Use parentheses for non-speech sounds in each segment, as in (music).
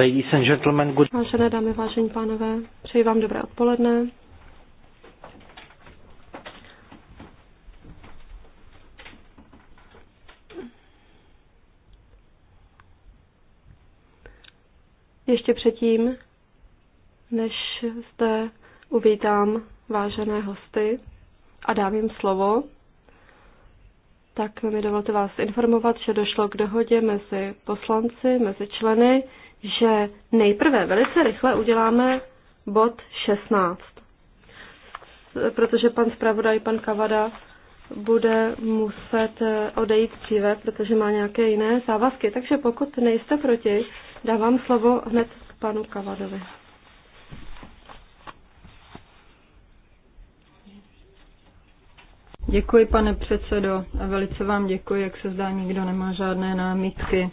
Ladies and gentlemen, good... Vážené dámy, vážení pánové, přeji vám dobré odpoledne. Ještě předtím, než zde uvítám vážené hosty a dám jim slovo, tak mi dovolte vás informovat, že došlo k dohodě mezi poslanci, mezi členy že nejprve velice rychle uděláme bod 16, protože pan zpravodaj, pan Kavada, bude muset eh, odejít dříve, protože má nějaké jiné závazky. Takže pokud nejste proti, dávám slovo hned panu Kavadovi. Děkuji, pane předsedo, a velice vám děkuji, jak se zdá, nikdo nemá žádné námitky.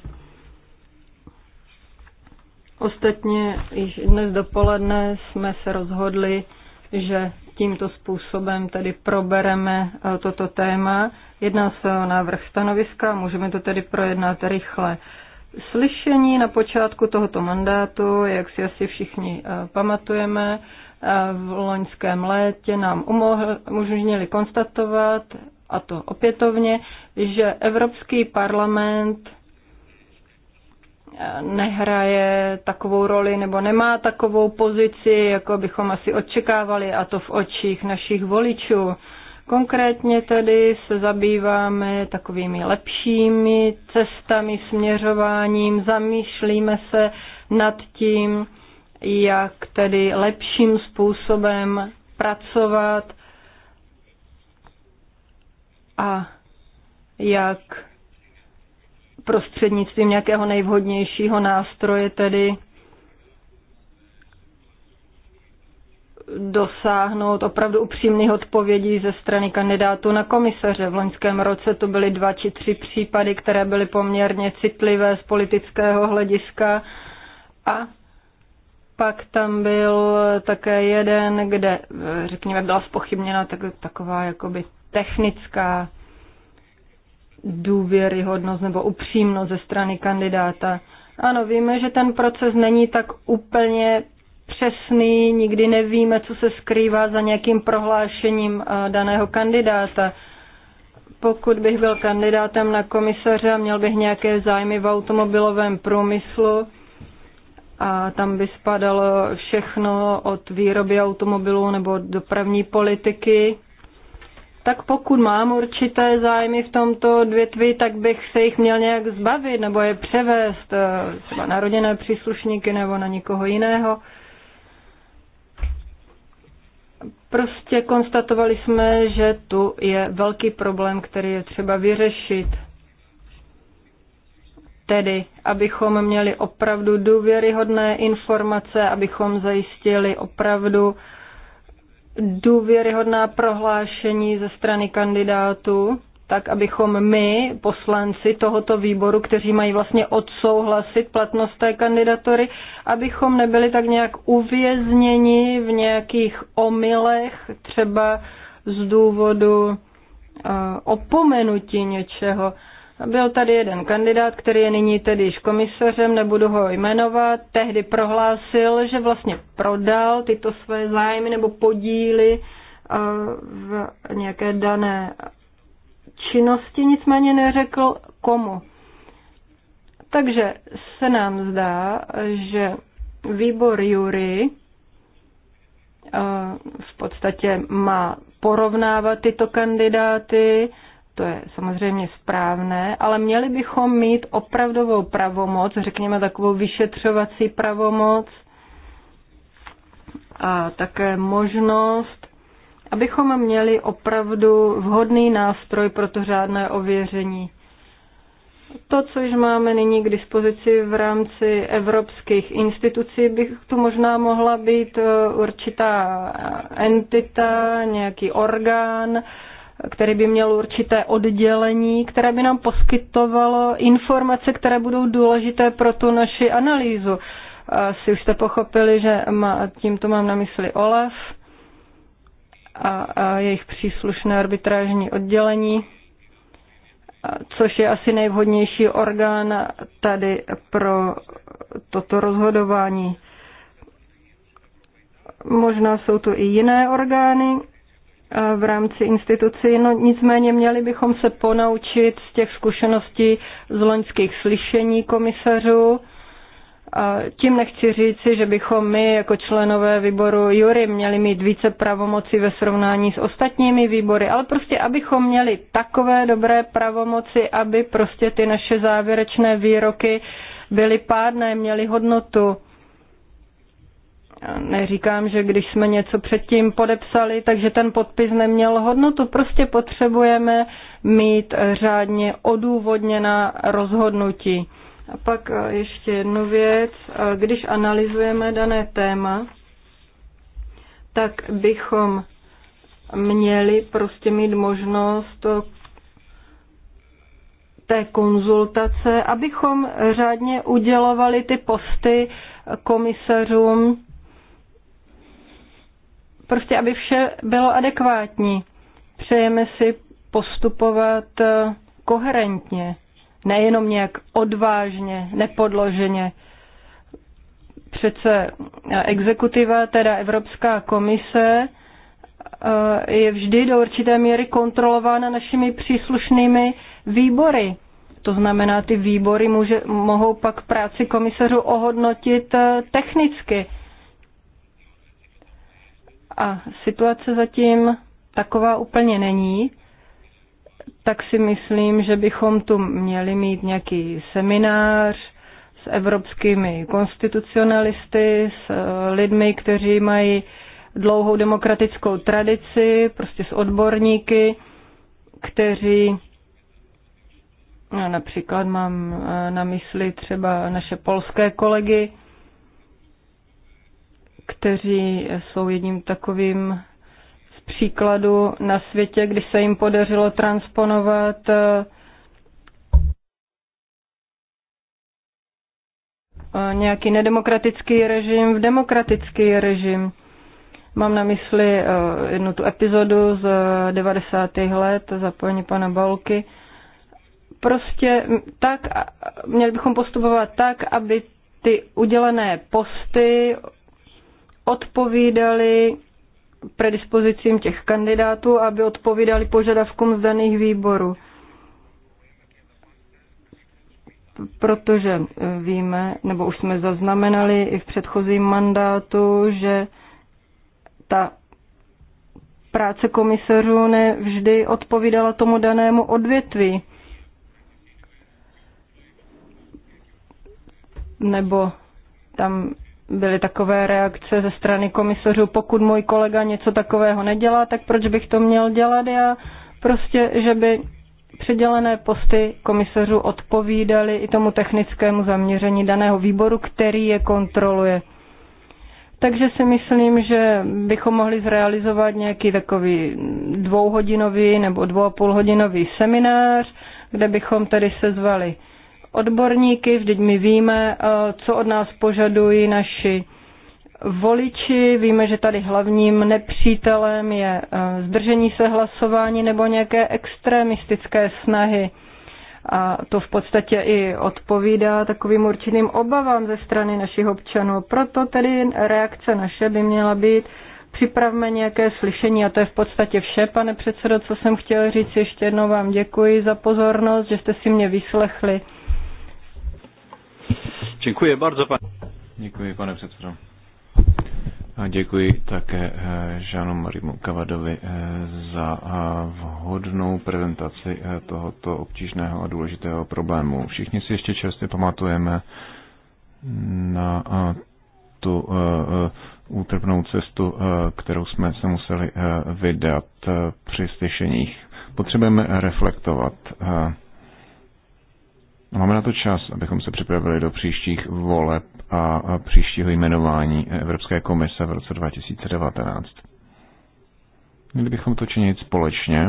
Ostatně již dnes dopoledne jsme se rozhodli, že tímto způsobem tedy probereme eh, toto téma. Jedná se o návrh stanoviska, můžeme to tedy projednat rychle. Slyšení na počátku tohoto mandátu, jak si asi všichni eh, pamatujeme, eh, v loňském létě nám umožnili konstatovat, a to opětovně, že Evropský parlament nehraje takovou roli nebo nemá takovou pozici, jako bychom asi očekávali, a to v očích našich voličů. Konkrétně tedy se zabýváme takovými lepšími cestami, směřováním, zamýšlíme se nad tím, jak tedy lepším způsobem pracovat a jak prostřednictvím nějakého nejvhodnějšího nástroje tedy dosáhnout opravdu upřímných odpovědí ze strany kandidátů na komisaře. V loňském roce to byly dva či tři případy, které byly poměrně citlivé z politického hlediska a pak tam byl také jeden, kde, eh, řekněme, byla spochybněna tak, taková jakoby technická důvěryhodnost nebo upřímnost ze strany kandidáta. Ano, víme, že ten proces není tak úplně přesný, nikdy nevíme, co se skrývá za nějakým prohlášením eh, daného kandidáta. Pokud bych byl kandidátem na komisaře a měl bych nějaké zájmy v automobilovém průmyslu, a tam by spadalo všechno od výroby automobilů nebo dopravní politiky tak pokud mám určité zájmy v tomto odvětví, tak bych se jich měl nějak zbavit nebo je převést eh, třeba na rodinné příslušníky nebo na nikoho jiného. Prostě konstatovali jsme, že tu je velký problém, který je třeba vyřešit. Tedy, abychom měli opravdu důvěryhodné informace, abychom zajistili opravdu uh, důvěryhodná prohlášení ze strany kandidátů, tak abychom my, poslanci tohoto výboru, kteří mají vlastně odsouhlasit platnost té kandidatory, abychom nebyli tak nějak uvězněni v nějakých omylech, třeba z důvodu eh, opomenutí něčeho. Byl tady jeden kandidát, který je nyní tedy již komisařem, nebudu ho jmenovat, tehdy prohlásil, že vlastně prodal tyto své zájmy nebo podíly eh, v nějaké dané činnosti, nicméně neřekl komu. Takže se nám zdá, že výbor jury eh, v podstatě má porovnávat tyto kandidáty, to je samozřejmě správné, ale měli bychom mít opravdovou pravomoc, řekněme takovou vyšetřovací pravomoc a také možnost, abychom měli opravdu vhodný nástroj pro to řádné ověření to, co již máme nyní k dispozici v rámci evropských institucí, bych tu možná mohla být eh, určitá eh, entita, nějaký orgán, který by měl určité oddělení, které by nám poskytovalo informace, které budou důležité pro tu naši analýzu. Asi už jste pochopili, že má, tímto mám na mysli OLAF a, a jejich příslušné arbitrážní oddělení, což je asi nejvhodnější orgán tady pro toto rozhodování. Možná jsou tu i jiné orgány, Eh, v rámci institucí. No, nicméně měli bychom se ponaučit z těch zkušeností z loňských slyšení komisařů. A tím nechci říci, že bychom my jako členové výboru Jury měli mít více pravomoci ve srovnání s ostatními výbory, ale prostě abychom měli takové dobré pravomoci, aby prostě ty naše závěrečné výroky byly pádné, měly hodnotu neříkám, že když jsme něco předtím podepsali, takže ten podpis neměl hodnotu. Prostě potřebujeme mít řádně odůvodněná rozhodnutí. A pak eh, ještě jednu věc. Eh, když analyzujeme dané téma, tak bychom měli prostě mít možnost eh, té konzultace, abychom řádně udělovali ty posty komisařům prostě aby vše bylo adekvátní. Přejeme si postupovat eh, koherentně, nejenom nějak odvážně, nepodloženě. Přece eh, exekutiva, teda Evropská komise, eh, je vždy do určité míry kontrolována našimi příslušnými výbory. To znamená, ty výbory může, mohou pak práci komisařů ohodnotit technicky. A situace zatím taková úplně není, tak si myslím, že bychom tu měli mít nějaký seminář s evropskými konstitucionalisty, s eh, lidmi, kteří mají dlouhou demokratickou tradici, prostě s odborníky, kteří no, například mám eh, na mysli třeba naše polské kolegy, kteří jsou jedním takovým z příkladů na světě, kdy se jim podařilo transponovat eh, nějaký nedemokratický režim v demokratický režim. Mám na mysli eh, jednu tu epizodu z 90. let, zapojení pana Balky. Prostě tak, měli bychom postupovat tak, aby ty udělené posty odpovídali predispozicím těch kandidátů, aby odpovídali požadavkům z daných výborů. Protože eh, víme, nebo už jsme zaznamenali i v předchozím mandátu, že ta práce komisařů nevždy odpovídala tomu danému odvětví. Nebo tam byly takové reakce ze strany komisařů, pokud můj kolega něco takového nedělá, tak proč bych to měl dělat já? Prostě, že by předělené posty komisařů odpovídaly i tomu technickému zaměření daného výboru, který je kontroluje. Takže si myslím, že bychom mohli zrealizovat nějaký takový dvouhodinový nebo dvou a půl hodinový seminář, kde bychom tedy sezvali odborníky, vždyť my víme, eh, co od nás požadují naši voliči. Víme, že tady hlavním nepřítelem je eh, zdržení se hlasování nebo nějaké extremistické snahy. A to v podstatě i odpovídá takovým určitým obavám ze strany našich občanů. Proto tedy reakce naše by měla být připravme nějaké slyšení a to je v podstatě vše, pane předsedo, co jsem chtěl říct. Ještě jednou vám děkuji za pozornost, že jste si mě vyslechli. Děkuji bardzo, pane. Děkuji, pane předsedo. A děkuji také eh, Žánu Marimu Kavadovi eh, za eh, vhodnou prezentaci tohoto obtížného a důležitého problému. Všichni si ještě čerstvě pamatujeme na tu útrpnou cestu, kterou jsme se museli vydat při slyšeních. Potřebujeme reflektovat Máme na to čas, abychom se připravili do příštích voleb a příštího jmenování Evropské komise v roce 2019. Měli bychom to činit společně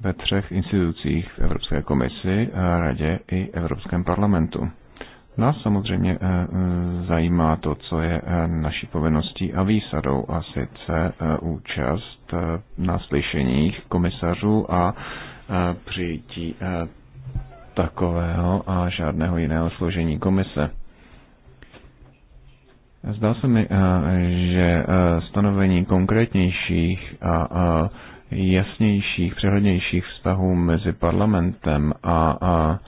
ve třech institucích v Evropské komisi, eh, Radě i Evropském parlamentu. Nás samozřejmě eh, eh, zajímá to, co je naší povinností a výsadou, a sice účast na slyšeních komisařů a přijetí takového a žádného jiného složení komise. Zdá se mi, eh, že eh, stanovení konkrétnějších a eh, jasnějších, přehlednějších vztahů mezi parlamentem a, a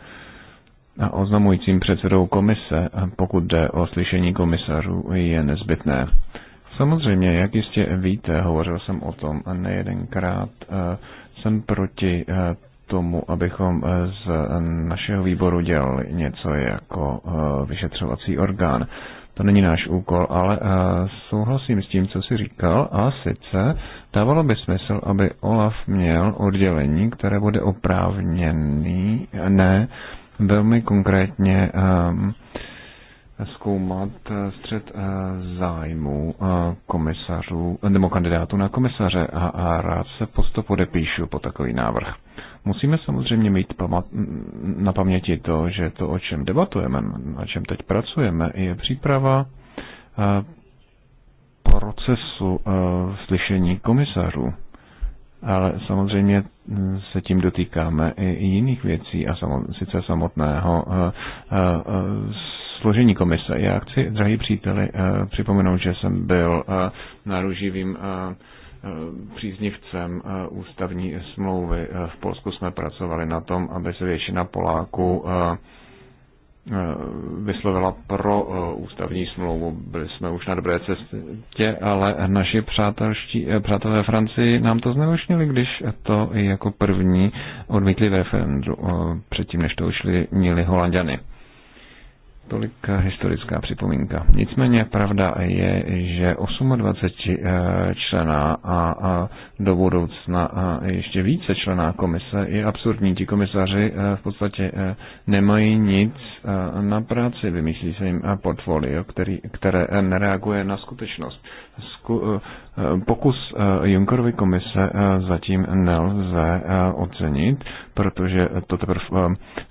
oznamujícím předsedou komise, pokud jde o slyšení komisařů, je nezbytné. Samozřejmě, jak jistě víte, hovořil jsem o tom nejedenkrát, jsem proti tomu, abychom eh, z eh, našeho výboru dělali něco jako eh, vyšetřovací orgán. To není náš úkol, ale souhlasím s tím, co jsi říkal, a sice dávalo by smysl, aby Olaf měl oddělení, které bude oprávněný, ne, velmi konkrétně ehm, zkoumat střed zájmu komisařů nebo kandidátů na komisaře a, a rád se posto podepíšu po takový návrh. Musíme samozřejmě mít na paměti to, že to, o čem debatujeme, na čem teď pracujeme, je příprava eh, procesu eh, slyšení komisařů. Ale samozřejmě se tím dotýkáme i jiných věcí a sice samotného eh, složení komise. Já chci, drahý příteli, připomenout, že jsem byl náruživým příznivcem eh, ústavní smlouvy. Eh, v Polsku jsme pracovali na tom, aby se většina Poláků eh, vyslovila pro ústavní smlouvu. Byli jsme už na dobré cestě, ale naši přátelští, přátelé Francii nám to znemožnili, když to jako první odmítli ve referendu, předtím než to ušli, měli Holanděny. Tolik historická připomínka. Nicméně pravda je, že 28 eh, člená a do budoucna ještě více člená komise je absurdní. Ti komisaři eh, v podstatě eh, nemají nic na práci, vymyslí se jim portfolio, který, které nereaguje na skutečnost. Sku, Pokus eh, Junkerovy komise eh, zatím nelze eh, ocenit, protože to teprve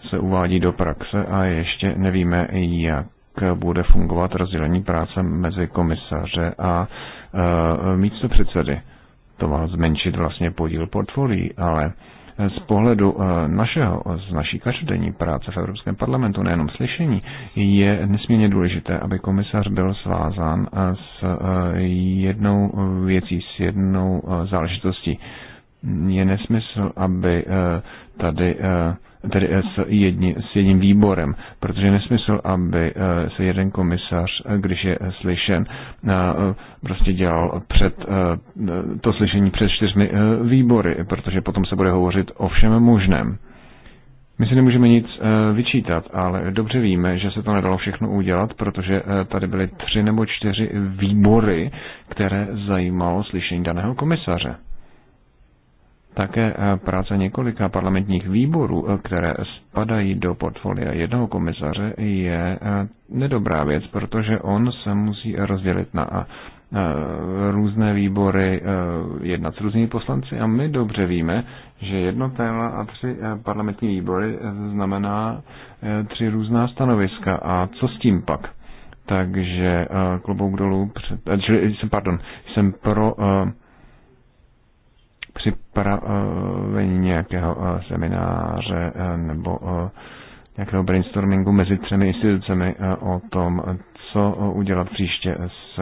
se uvádí do praxe a ještě nevíme, jak bude fungovat rozdělení práce mezi komisaře a místo předsedy. To má zmenšit vlastně podíl portfolií, ale z pohledu eh, našeho, z naší každodenní práce v Evropském parlamentu, nejenom slyšení, je nesmírně důležité, aby komisař byl svázán eh, s eh, jednou věcí, s jednou záležitostí. Je nesmysl, aby tady tedy eh, s, jedni, s jedním výborem, protože nesmysl, aby eh, se jeden komisař, eh, když je slyšen, prostě dělal před to slyšení před čtyřmi výbory, protože potom se bude hovořit o všem možném. My si nemůžeme nic vyčítat, ale dobře víme, že se to nedalo všechno udělat, protože tady byly tři nebo čtyři výbory, které zajímalo slyšení daného komisaře. Také eh, práce několika parlamentních výborů, eh, které spadají do portfolia jednoho komisaře, je eh, nedobrá věc, protože on se musí rozdělit na různé výbory, jednat s různými poslanci a my dobře víme, že jedno téma a tři parlamentní výbory znamená tři různá stanoviska. A co s tím pak? Takže klobouk dolů, před, pardon, jsem pro připravení nějakého eh, semináře eh, nebo eh, nějakého brainstormingu mezi třemi institucemi o tom, co udělat příště, s,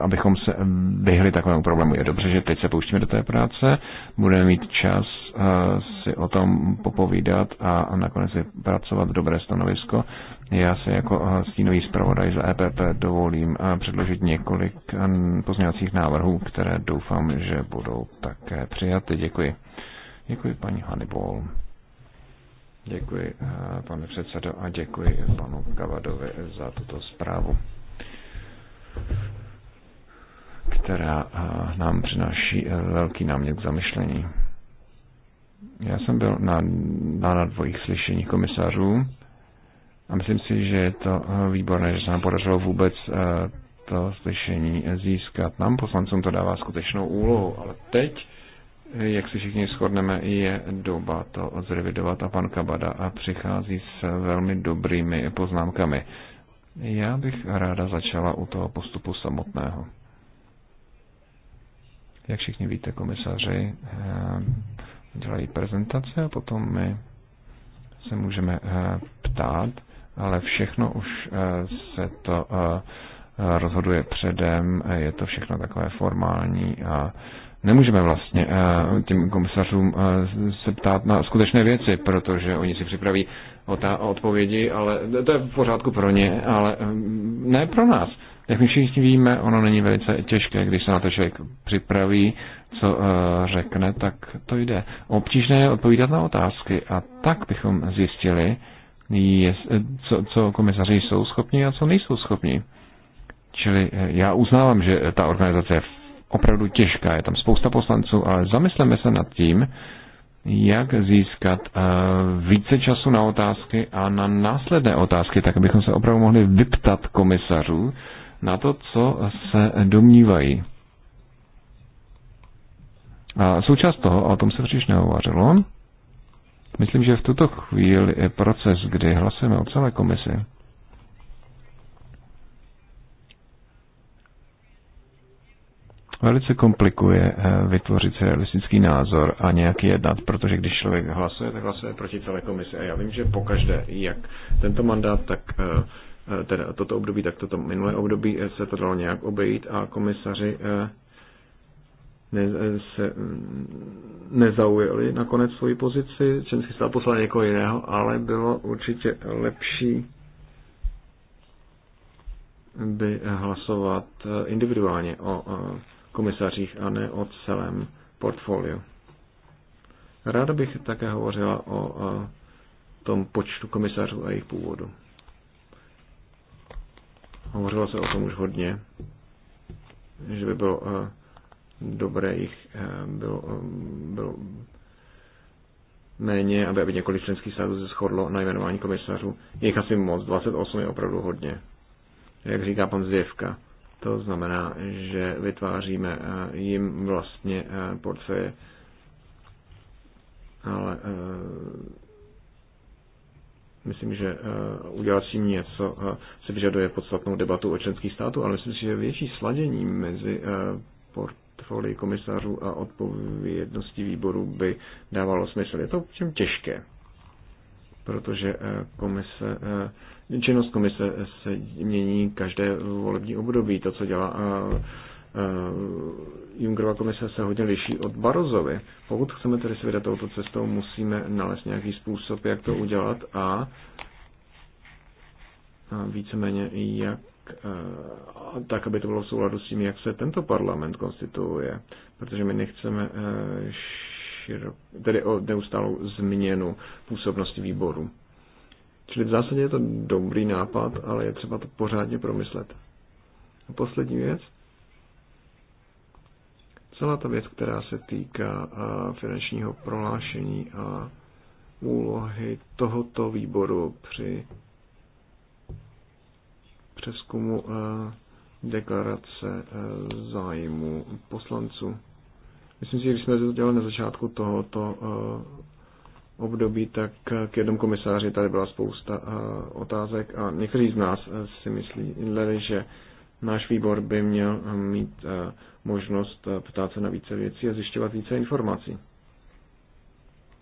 abychom se vyhli takovému problému. Je dobře, že teď se pouštíme do té práce, budeme mít čas si o tom popovídat a nakonec vypracovat dobré stanovisko. Já se jako eh, stínový zpravodaj za EPP dovolím eh, předložit několik eh, pozměňovacích návrhů, které doufám, že budou také přijaty. Děkuji. Děkuji paní Hannibal. Děkuji, pane předsedo, a děkuji panu Kavadovi za tuto zprávu, která nám přináší velký námět k zamyšlení. Já jsem byl na, na dvojích slyšení komisařů a myslím si, že je to eh, výborné, že se nám podařilo vůbec eh, to slyšení získat. Nám poslancům to dává skutečnou úlohu, ale teď, eh, jak si všichni shodneme, je doba to zrevidovat a pan Kabada a přichází s velmi dobrými poznámkami. Já bych ráda začala u toho postupu samotného. Jak všichni víte, komisaři dělají prezentace a potom my se můžeme ptát ale všechno už eh, se to eh, eh, rozhoduje předem, je to všechno takové formální a nemůžeme vlastně těm komisařům se ptát na skutečné věci, protože oni si připraví odpovědi, ale to je v pořádku pro ně, ale ne pro nás. Jak my všichni víme, ono není velice těžké, když se na to člověk připraví, co řekne, tak to jde. Obtížné je odpovídat na otázky a tak bychom zjistili, co, co komisaři jsou schopni a co nejsou schopni. Čili eh, já uznávám, že ta organizace je opravdu těžká, je tam spousta poslanců, ale zamysleme se nad tím, jak získat eh, více času na otázky a na následné otázky, tak abychom se opravdu mohli vyptat komisařů na to, co se domnívají. A součást toho, a o tom se příliš neuvařilo, Myslím, že v tuto chvíli je proces, kdy hlasujeme o celé komisi, velice komplikuje eh, vytvořit si realistický názor a nějaký jednat, protože když člověk hlasuje, tak hlasuje proti celé komisi. A já vím, že pokaždé, jak tento mandát, tak eh, eh, teda toto období, tak toto minulé období se to dalo nějak obejít a komisaři ne, se nezaujali nakonec svoji pozici, si stát poslal někoho jiného, ale bylo určitě lepší by hlasovat individuálně o komisařích a ne o celém portfoliu. Ráda bych také hovořila o tom počtu komisařů a jejich původu. Hovořilo se o tom už hodně, že by bylo eh, dobré jich eh, bylo, eh, bylo méně, aby, aby několik členských států se shodlo na jmenování komisařů. Je jich asi moc, 28 je opravdu hodně. Jak říká pan Zvěvka, to znamená, že vytváříme eh, jim vlastně portfeje, ale myslím, že udělat s tím něco se vyžaduje podstatnou debatu o členských států, ale myslím si, že větší sladění mezi portfolii komisařů a odpovědnosti výboru by dávalo smysl. Je to čím těžké, protože eh, komise, eh, činnost komise se mění každé volební období. To, co dělá eh, Junckerova komise se hodně liší od Barozovy. Pokud chceme tedy se vydat touto cestou, musíme nalézt nějaký způsob, jak to udělat a víceméně jak Eh, tak, aby to bylo v souladu s tím, jak se tento parlament konstituuje, protože my nechceme eh, širok, tedy o neustálou změnu působnosti výboru. Čili v zásadě je to dobrý nápad, ale je třeba to pořádně promyslet. A poslední věc. Celá ta věc, která se týká eh, finančního prohlášení a úlohy tohoto výboru při přeskumu eh, deklarace eh, zájmu poslanců. Myslím si, že když jsme to dělali na začátku tohoto eh, období, tak k jednom komisáři tady byla spousta otázek a někteří z nás si myslí, že náš výbor by měl mít možnost ptát se na více věcí a zjišťovat více informací.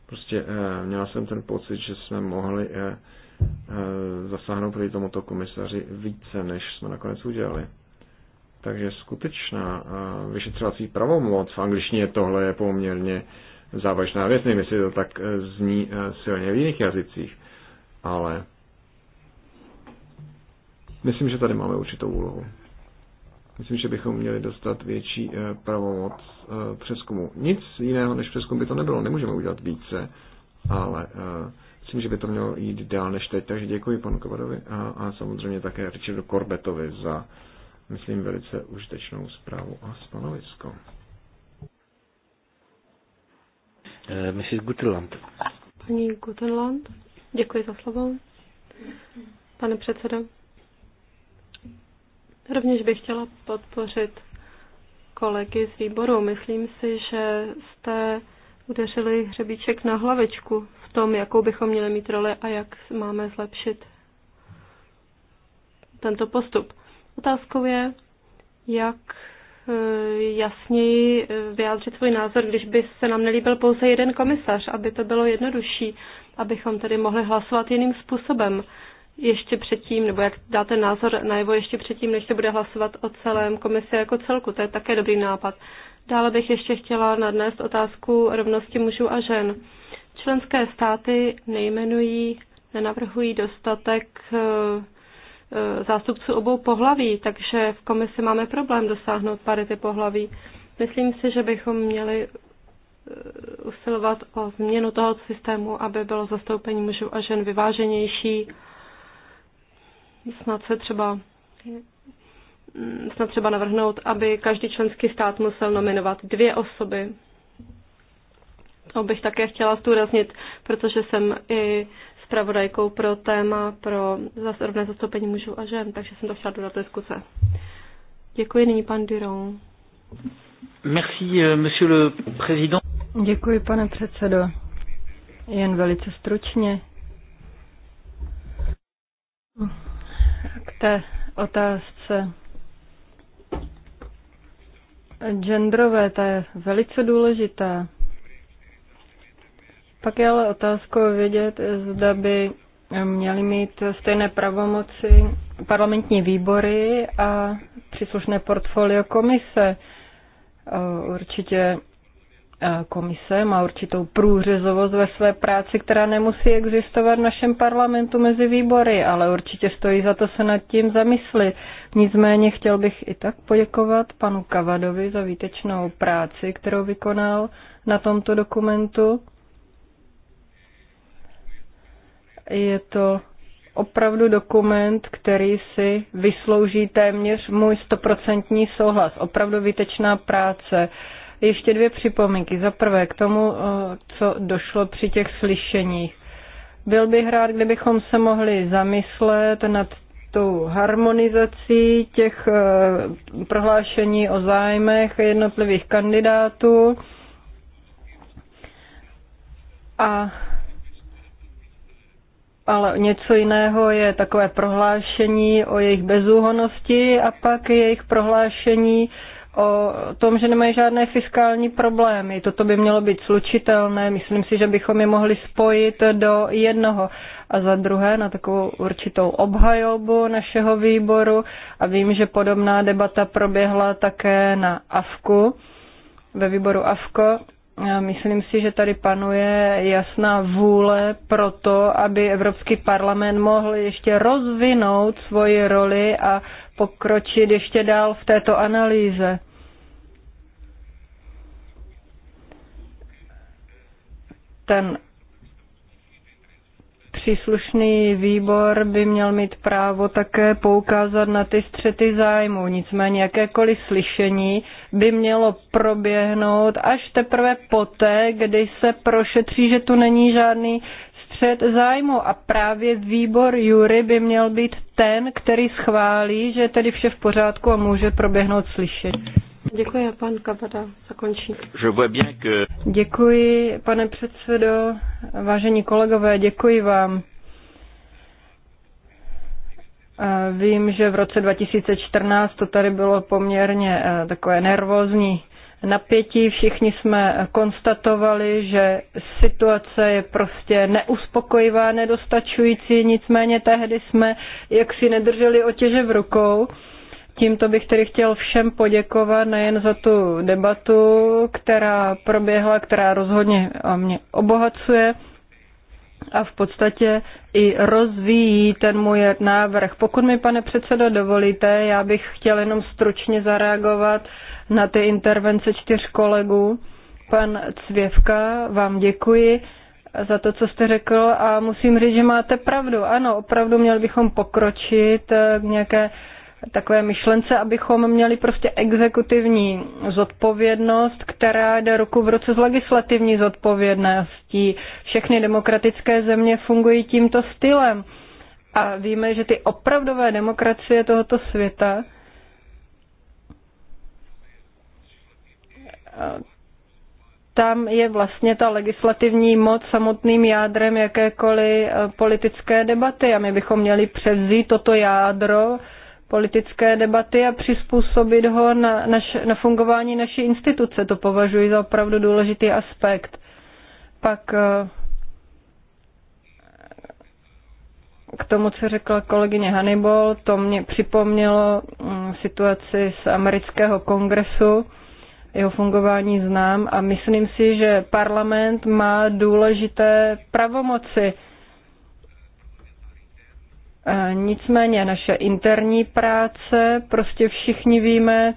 Prostě měl jsem ten pocit, že jsme mohli Eh, zasáhnout proti tomuto komisaři více, než jsme nakonec udělali. Takže skutečná eh, vyšetřovací pravomoc, v angličtině tohle je poměrně závažná věc, nevím, jestli to tak eh, zní silně v jiných jazycích, ale myslím, že tady máme určitou úlohu. Myslím, že bychom měli dostat větší pravomoc přeskumu. Nic jiného než přeskum by to nebylo, nemůžeme udělat více, ale Myslím, že by to mělo jít dál než teď, takže děkuji panu Kovadovi a, a samozřejmě také Richardu Korbetovi za, myslím, velice užitečnou zprávu a stanovisko. Eh, Mrs. Gutenland. Paní Gutenland, děkuji za slovo. Pane předsedo, rovněž bych chtěla podpořit kolegy z výboru. Myslím si, že jste udeřili hřebíček na hlavečku v tom, jakou bychom měli mít roli a jak máme zlepšit tento postup. Otázkou je, jak e, jasněji e, vyjádřit svůj názor, když by se nám nelíbil pouze jeden komisař, aby to bylo jednodušší, abychom tedy mohli hlasovat jiným způsobem ještě předtím, nebo jak dáte názor najevo ještě předtím, než se bude hlasovat o celém komisi jako celku. To je také dobrý nápad. Dále bych ještě chtěla nadnést otázku rovnosti mužů a žen. Členské státy nejmenují, nenavrhují dostatek eh, eh, zástupců obou pohlaví, takže v komisi máme problém dosáhnout parity pohlaví. Myslím si, že bychom měli eh, usilovat o změnu toho systému, aby bylo zastoupení mužů a žen vyváženější. Snad se třeba mm, snad třeba navrhnout, aby každý členský stát musel nominovat dvě osoby to bych také chtěla zdůraznit, protože jsem i zpravodajkou pro téma pro zase rovné zastoupení mužů a žen, takže jsem to chtěla dodat do diskuse. Děkuji, nyní pan Duron. Merci, euh, monsieur le président. Děkuji, pane předsedo. Jen velice stručně. K té otázce genderové, ta je velice důležitá. Pak je ale otázkou vědět, zda by měly mít stejné pravomoci parlamentní výbory a příslušné portfolio komise. Určitě e, komise má určitou průřezovost ve své práci, která nemusí existovat v našem parlamentu mezi výbory, ale určitě stojí za to se nad tím zamyslit. Nicméně chtěl bych i tak poděkovat panu Kavadovi za výtečnou práci, kterou vykonal na tomto dokumentu. Je to opravdu dokument, který si vyslouží téměř můj stoprocentní souhlas. Opravdu výtečná práce. Ještě dvě připomínky. Za prvé k tomu, eh, co došlo při těch slyšeních. Byl bych rád, kdybychom se mohli zamyslet nad tou harmonizací těch eh, prohlášení o zájmech jednotlivých kandidátů a ale něco jiného je takové prohlášení o jejich bezúhonosti a pak jejich prohlášení o tom, že nemají žádné fiskální problémy. Toto by mělo být slučitelné. Myslím si, že bychom je mohli spojit do jednoho. A za druhé na takovou určitou obhajobu našeho výboru. A vím, že podobná debata proběhla také na AFKu, ve výboru AFKO. Myslím si, že tady panuje jasná vůle pro to, aby Evropský parlament mohl ještě rozvinout svoji roli a pokročit ještě dál v této analýze. Ten příslušný výbor by měl mít právo také poukázat na ty střety zájmu. Nicméně jakékoliv slyšení by mělo proběhnout až teprve poté, kdy se prošetří, že tu není žádný střet zájmu a právě výbor jury by měl být ten, který schválí, že je tedy vše v pořádku a může proběhnout slyšení. Děkuji, pan Kapata, zakončí. Děkuji, pane předsedo. Vážení kolegové, děkuji vám. Vím, že v roce 2014 to tady bylo poměrně eh, takové nervózní napětí. Všichni jsme konstatovali, že situace je prostě neuspokojivá, nedostačující, nicméně tehdy jsme jaksi nedrželi otěže v rukou Tímto bych tedy chtěl všem poděkovat nejen za tu debatu, která proběhla, která rozhodně mě obohacuje a v podstatě i rozvíjí ten můj návrh. Pokud mi, pane předsedo, dovolíte, já bych chtěl jenom stručně zareagovat na ty intervence čtyř kolegů. Pan Cvěvka, vám děkuji za to, co jste řekl a musím říct, že máte pravdu. Ano, opravdu měli bychom pokročit k nějaké uh, takové myšlence, abychom měli prostě exekutivní zodpovědnost, která jde ruku v ruce s legislativní zodpovědností. Všechny demokratické země fungují tímto stylem. A víme, že ty opravdové demokracie tohoto světa tam je vlastně ta legislativní moc samotným jádrem jakékoliv eh, politické debaty a my bychom měli převzít toto jádro politické debaty a přizpůsobit ho na, naš, na fungování naší instituce. To považuji za opravdu důležitý aspekt. Pak eh, k tomu, co řekla kolegyně Hannibal, to mě připomnělo mm, situaci z amerického kongresu. Jeho fungování znám a myslím si, že parlament má důležité pravomoci E, nicméně naše interní práce, prostě všichni víme,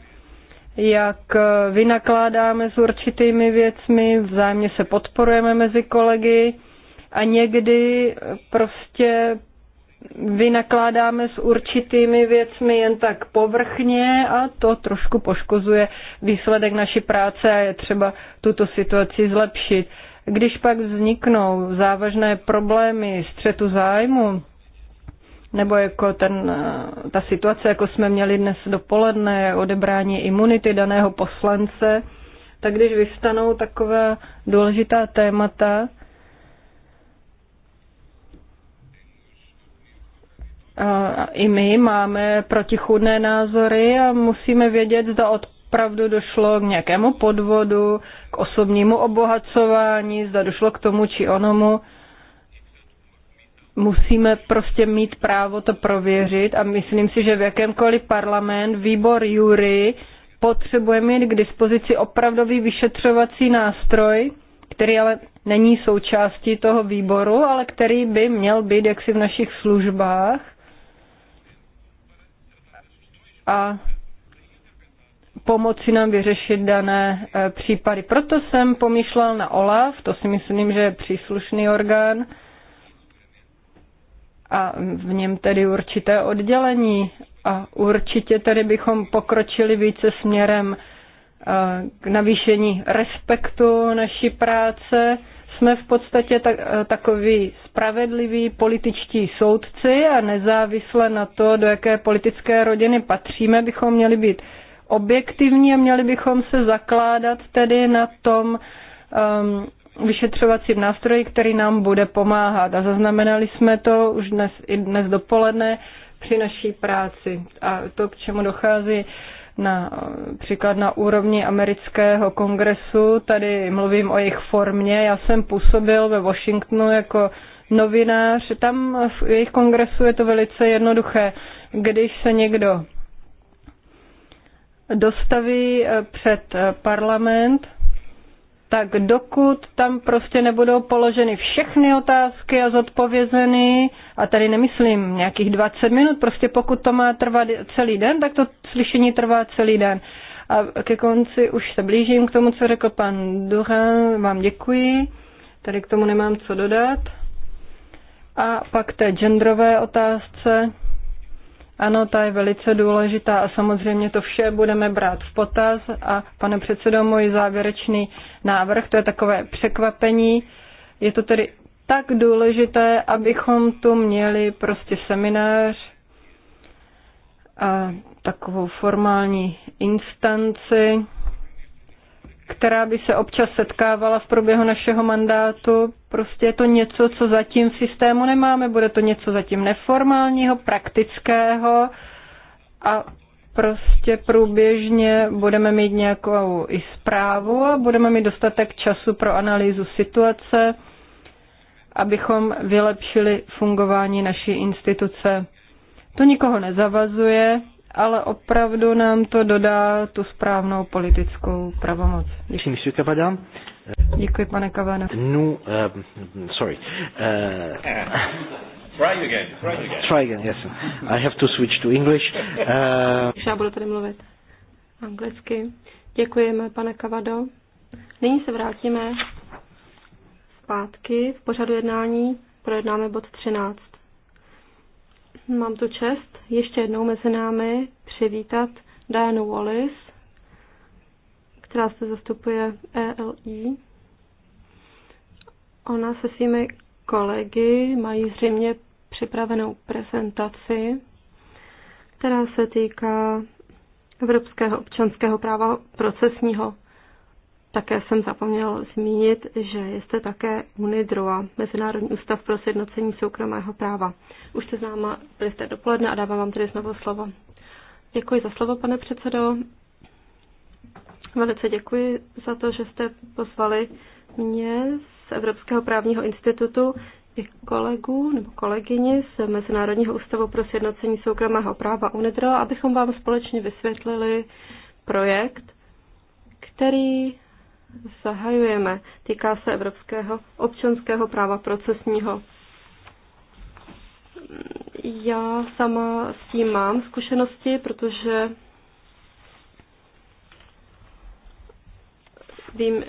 jak vynakládáme s určitými věcmi, vzájemně se podporujeme mezi kolegy a někdy prostě vynakládáme s určitými věcmi jen tak povrchně a to trošku poškozuje výsledek naší práce a je třeba tuto situaci zlepšit. Když pak vzniknou závažné problémy střetu zájmu, nebo jako ten, eh, ta situace, jako jsme měli dnes dopoledne, odebrání imunity daného poslance, tak když vystanou taková důležitá témata, a i my máme protichudné názory a musíme vědět, zda pravdu došlo k nějakému podvodu, k osobnímu obohacování, zda došlo k tomu či onomu musíme prostě mít právo to prověřit a myslím si, že v jakémkoliv parlament, výbor jury potřebuje mít k dispozici opravdový vyšetřovací nástroj, který ale není součástí toho výboru, ale který by měl být jaksi v našich službách. A pomoci nám vyřešit dané e, případy. Proto jsem pomýšlel na OLAF, to si myslím, že je příslušný orgán, a v něm tedy určité oddělení a určitě tedy bychom pokročili více směrem eh, k navýšení respektu naší práce. Jsme v podstatě tak, takový spravedliví političtí soudci a nezávisle na to, do jaké politické rodiny patříme, bychom měli být objektivní a měli bychom se zakládat tedy na tom, um, vyšetřovacím nástroji, který nám bude pomáhat. A zaznamenali jsme to už dnes, i dnes dopoledne při naší práci. A to, k čemu dochází na, příklad na úrovni amerického kongresu, tady mluvím o jejich formě. Já jsem působil ve Washingtonu jako novinář. Tam v jejich kongresu je to velice jednoduché. Když se někdo dostaví eh, před eh, parlament, tak dokud tam prostě nebudou položeny všechny otázky a zodpovězeny, a tady nemyslím nějakých 20 minut, prostě pokud to má trvat celý den, tak to slyšení trvá celý den. A ke konci už se blížím k tomu, co řekl pan Duran, vám děkuji, tady k tomu nemám co dodat. A pak té genderové otázce. Ano, ta je velice důležitá a samozřejmě to vše budeme brát v potaz. A pane předsedo, můj závěrečný návrh, to je takové překvapení. Je to tedy tak důležité, abychom tu měli prostě seminář, a takovou formální instanci, která by se občas setkávala v průběhu našeho mandátu, Prostě je to něco, co zatím v systému nemáme, bude to něco zatím neformálního, praktického a prostě průběžně budeme mít nějakou i zprávu a budeme mít dostatek času pro analýzu situace, abychom vylepšili fungování naší instituce. To nikoho nezavazuje, ale opravdu nám to dodá tu správnou politickou pravomoc. Děkuji. Děkuji, pane Kavana. No, uh, eh, sorry. Uh, try again, try again. Try again, yes. I have to switch to English. Uh, Já budu tady mluvit anglicky. Děkujeme, pane Kavado. Nyní se vrátíme zpátky. V pořadu jednání projednáme bod 13. Mám tu čest ještě jednou mezi námi přivítat Dianu Wallace, která se zastupuje ELI. Ona se svými kolegy mají zřejmě připravenou prezentaci, která se týká evropského občanského práva procesního. Také jsem zapomněl zmínit, že jste také UNIDROA, Mezinárodní ústav pro sjednocení soukromého práva. Už jste známa, byli jste dopoledne a dávám vám tedy znovu slovo. Děkuji za slovo, pane předsedo. Velice děkuji za to, že jste pozvali mě z Evropského právního institutu i kolegů nebo kolegyni z Mezinárodního ústavu pro sjednocení soukromého práva UNEDRO, abychom vám společně vysvětlili projekt, který zahajujeme. Týká se Evropského občanského práva procesního. Já sama s tím mám zkušenosti, protože Vím,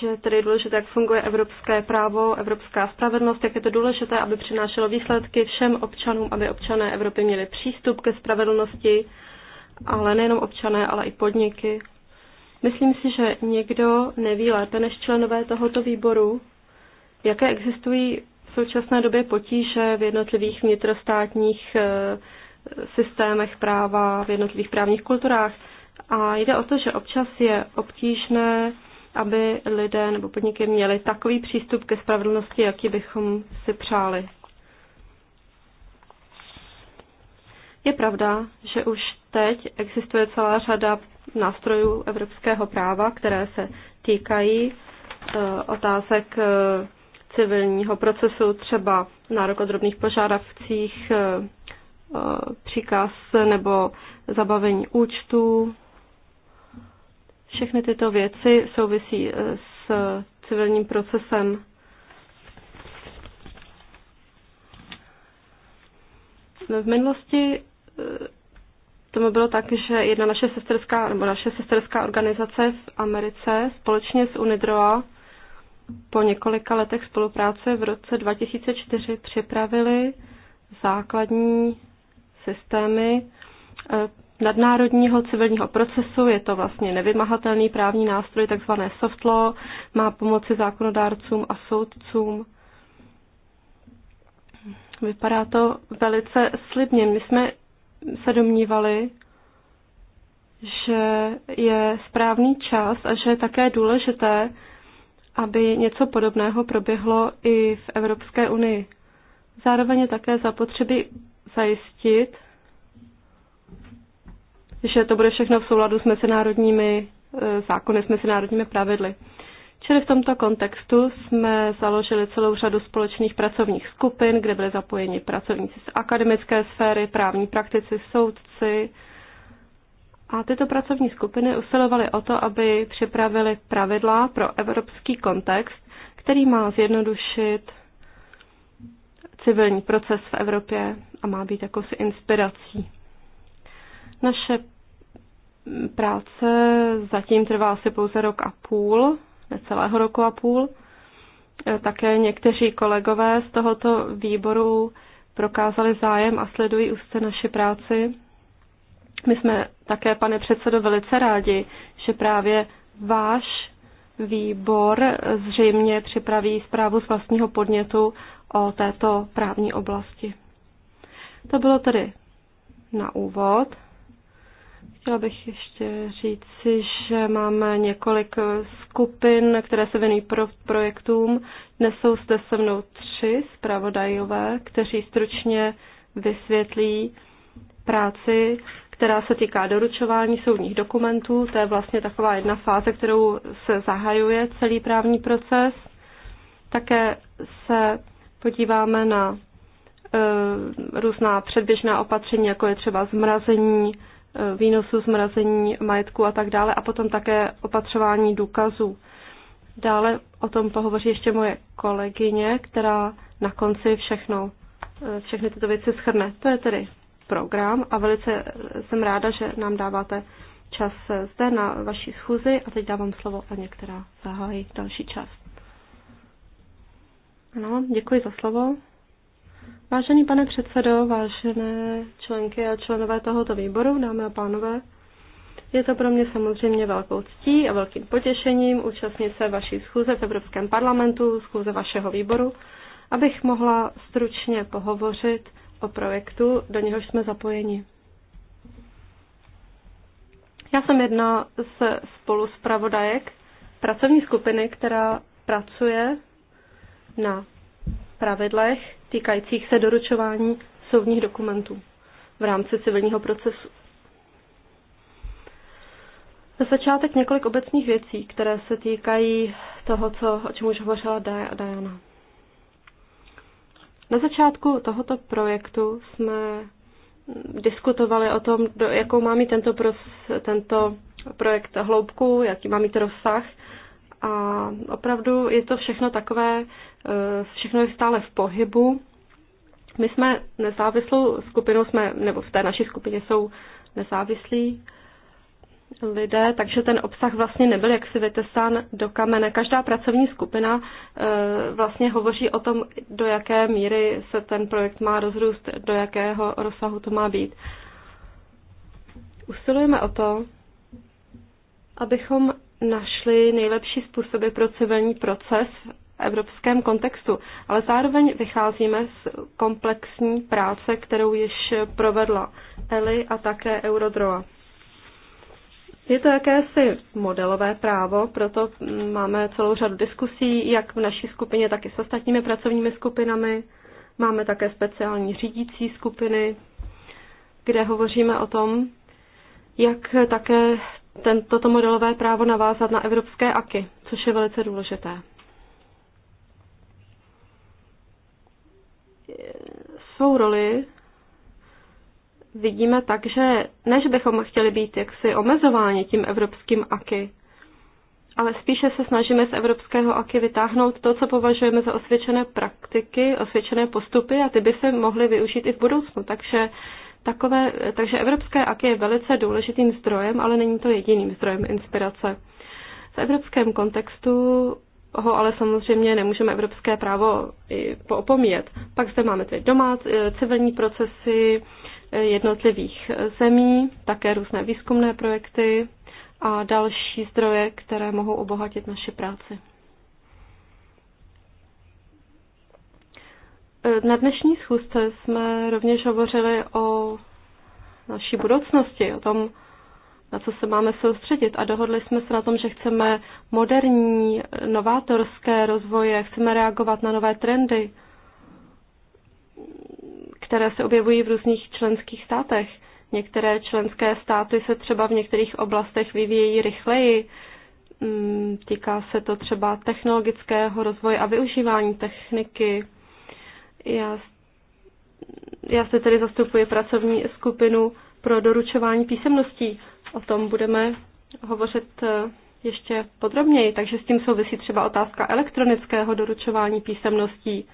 že tady je důležité, jak funguje evropské právo, evropská spravedlnost, jak je to důležité, aby přinášelo výsledky všem občanům, aby občané Evropy měli přístup ke spravedlnosti, ale nejenom občané, ale i podniky. Myslím si, že někdo neví lépe než členové tohoto výboru, jaké existují v současné době potíže v jednotlivých vnitrostátních eh, systémech práva, v jednotlivých právních kulturách. A jde o to, že občas je obtížné, aby lidé nebo podniky měli takový přístup ke spravedlnosti, jaký bychom si přáli. Je pravda, že už teď existuje celá řada nástrojů evropského práva, které se týkají e, otázek e, civilního procesu, třeba nárok o drobných požádavcích, e, příkaz nebo zabavení účtů. Všechny tyto věci souvisí eh, s civilním procesem. V minulosti eh, tomu bylo tak, že jedna naše sesterská, nebo naše sesterská organizace v Americe společně s UNIDROA po několika letech spolupráce v roce 2004 připravili základní systémy Eh, nadnárodního civilního procesu, je to vlastně nevymahatelný právní nástroj, takzvané soft law, má pomoci zákonodárcům a soudcům. Vypadá to velice slibně. My jsme se domnívali, že je správný čas a že je také důležité, aby něco podobného proběhlo i v Evropské unii. Zároveň je také zapotřebí zajistit, že to bude všechno v souladu s mezinárodními eh, zákony, s mezinárodními pravidly. Čili v tomto kontextu jsme založili celou řadu společných pracovních skupin, kde byly zapojeni pracovníci z akademické sféry, právní praktici, soudci. A tyto pracovní skupiny usilovaly o to, aby připravili pravidla pro evropský kontext, který má zjednodušit civilní proces v Evropě a má být jakousi inspirací. Naše práce zatím trvá asi pouze rok a půl, necelého roku a půl. E, také někteří kolegové z tohoto výboru prokázali zájem a sledují se naši práci. My jsme také, pane předsedo, velice rádi, že právě váš výbor zřejmě připraví zprávu z vlastního podnětu o této právní oblasti. To bylo tedy na úvod. Chtěla bych ještě říci, že máme několik skupin, které se věnují pro projektům. Dnes jsou zde se mnou tři zpravodajové, kteří stručně vysvětlí práci, která se týká doručování soudních dokumentů. To je vlastně taková jedna fáze, kterou se zahajuje celý právní proces. Také se podíváme na e, různá předběžná opatření, jako je třeba zmrazení výnosu, zmrazení majetku a tak dále a potom také opatřování důkazů. Dále o tom pohovoří ještě moje kolegyně, která na konci všechno, eh, všechny tyto věci schrne. To je tedy program a velice jsem ráda, že nám dáváte čas eh, zde na vaší schůzi a teď dávám slovo a která zahájí další část. Ano, děkuji za slovo. Vážený pane předsedo, vážené členky a členové tohoto výboru, dámy a pánové, je to pro mě samozřejmě velkou ctí a velkým potěšením účastnit se vaší schůze v Evropském parlamentu, schůze vašeho výboru, abych mohla stručně pohovořit o projektu, do něhož jsme zapojeni. Já jsem jedna z spolu zpravodajek pracovní skupiny, která pracuje na pravidlech týkajících se doručování soudních dokumentů v rámci civilního procesu. Na začátek několik obecných věcí, které se týkají toho, co, o čem už hovořila Diana. Na začátku tohoto projektu jsme diskutovali o tom, jakou má mít tento, pro, tento projekt hloubku, jaký má mít rozsah. A opravdu je to všechno takové Eh, všechno je stále v pohybu. My jsme nezávislou skupinou, jsme, nebo v té naší skupině jsou nezávislí lidé, takže ten obsah vlastně nebyl jaksi vytesán do kamene. Každá pracovní skupina eh, vlastně hovoří o tom, do jaké míry se ten projekt má rozrůst, do jakého rozsahu to má být. Usilujeme o to, abychom našli nejlepší způsoby pro civilní proces evropském kontextu, ale zároveň vycházíme z komplexní práce, kterou již provedla ELI a také Eurodroa. Je to jakési modelové právo, proto máme celou řadu diskusí, jak v naší skupině, tak i s ostatními pracovními skupinami. Máme také speciální řídící skupiny, kde hovoříme o tom, jak také tento, toto modelové právo navázat na evropské aky, což je velice důležité. svou roli vidíme tak, že než bychom chtěli být jaksi omezováni tím evropským aky, ale spíše se snažíme z evropského aky vytáhnout to, co považujeme za osvědčené praktiky, osvědčené postupy a ty by se mohly využít i v budoucnu. Takže, takové, takže evropské aky je velice důležitým zdrojem, ale není to jediným zdrojem inspirace. V evropském kontextu ho ale samozřejmě nemůžeme evropské právo i poopomíjet. Pak zde máme tedy doma eh, civilní procesy eh, jednotlivých eh, zemí, také různé výzkumné projekty a další zdroje, které mohou obohatit naši práci. Na dnešní schůzce jsme rovněž hovořili o naší budoucnosti, o tom, na co se máme soustředit. A dohodli jsme se na tom, že chceme moderní, novátorské rozvoje, chceme reagovat na nové trendy, které se objevují v různých členských státech. Některé členské státy se třeba v některých oblastech vyvíjejí rychleji. Mm, týká se to třeba technologického rozvoje a využívání techniky. Já, já se tedy zastupuji pracovní skupinu pro doručování písemností o tom budeme hovořit eh, ještě podrobněji, takže s tím souvisí třeba otázka elektronického doručování písemností,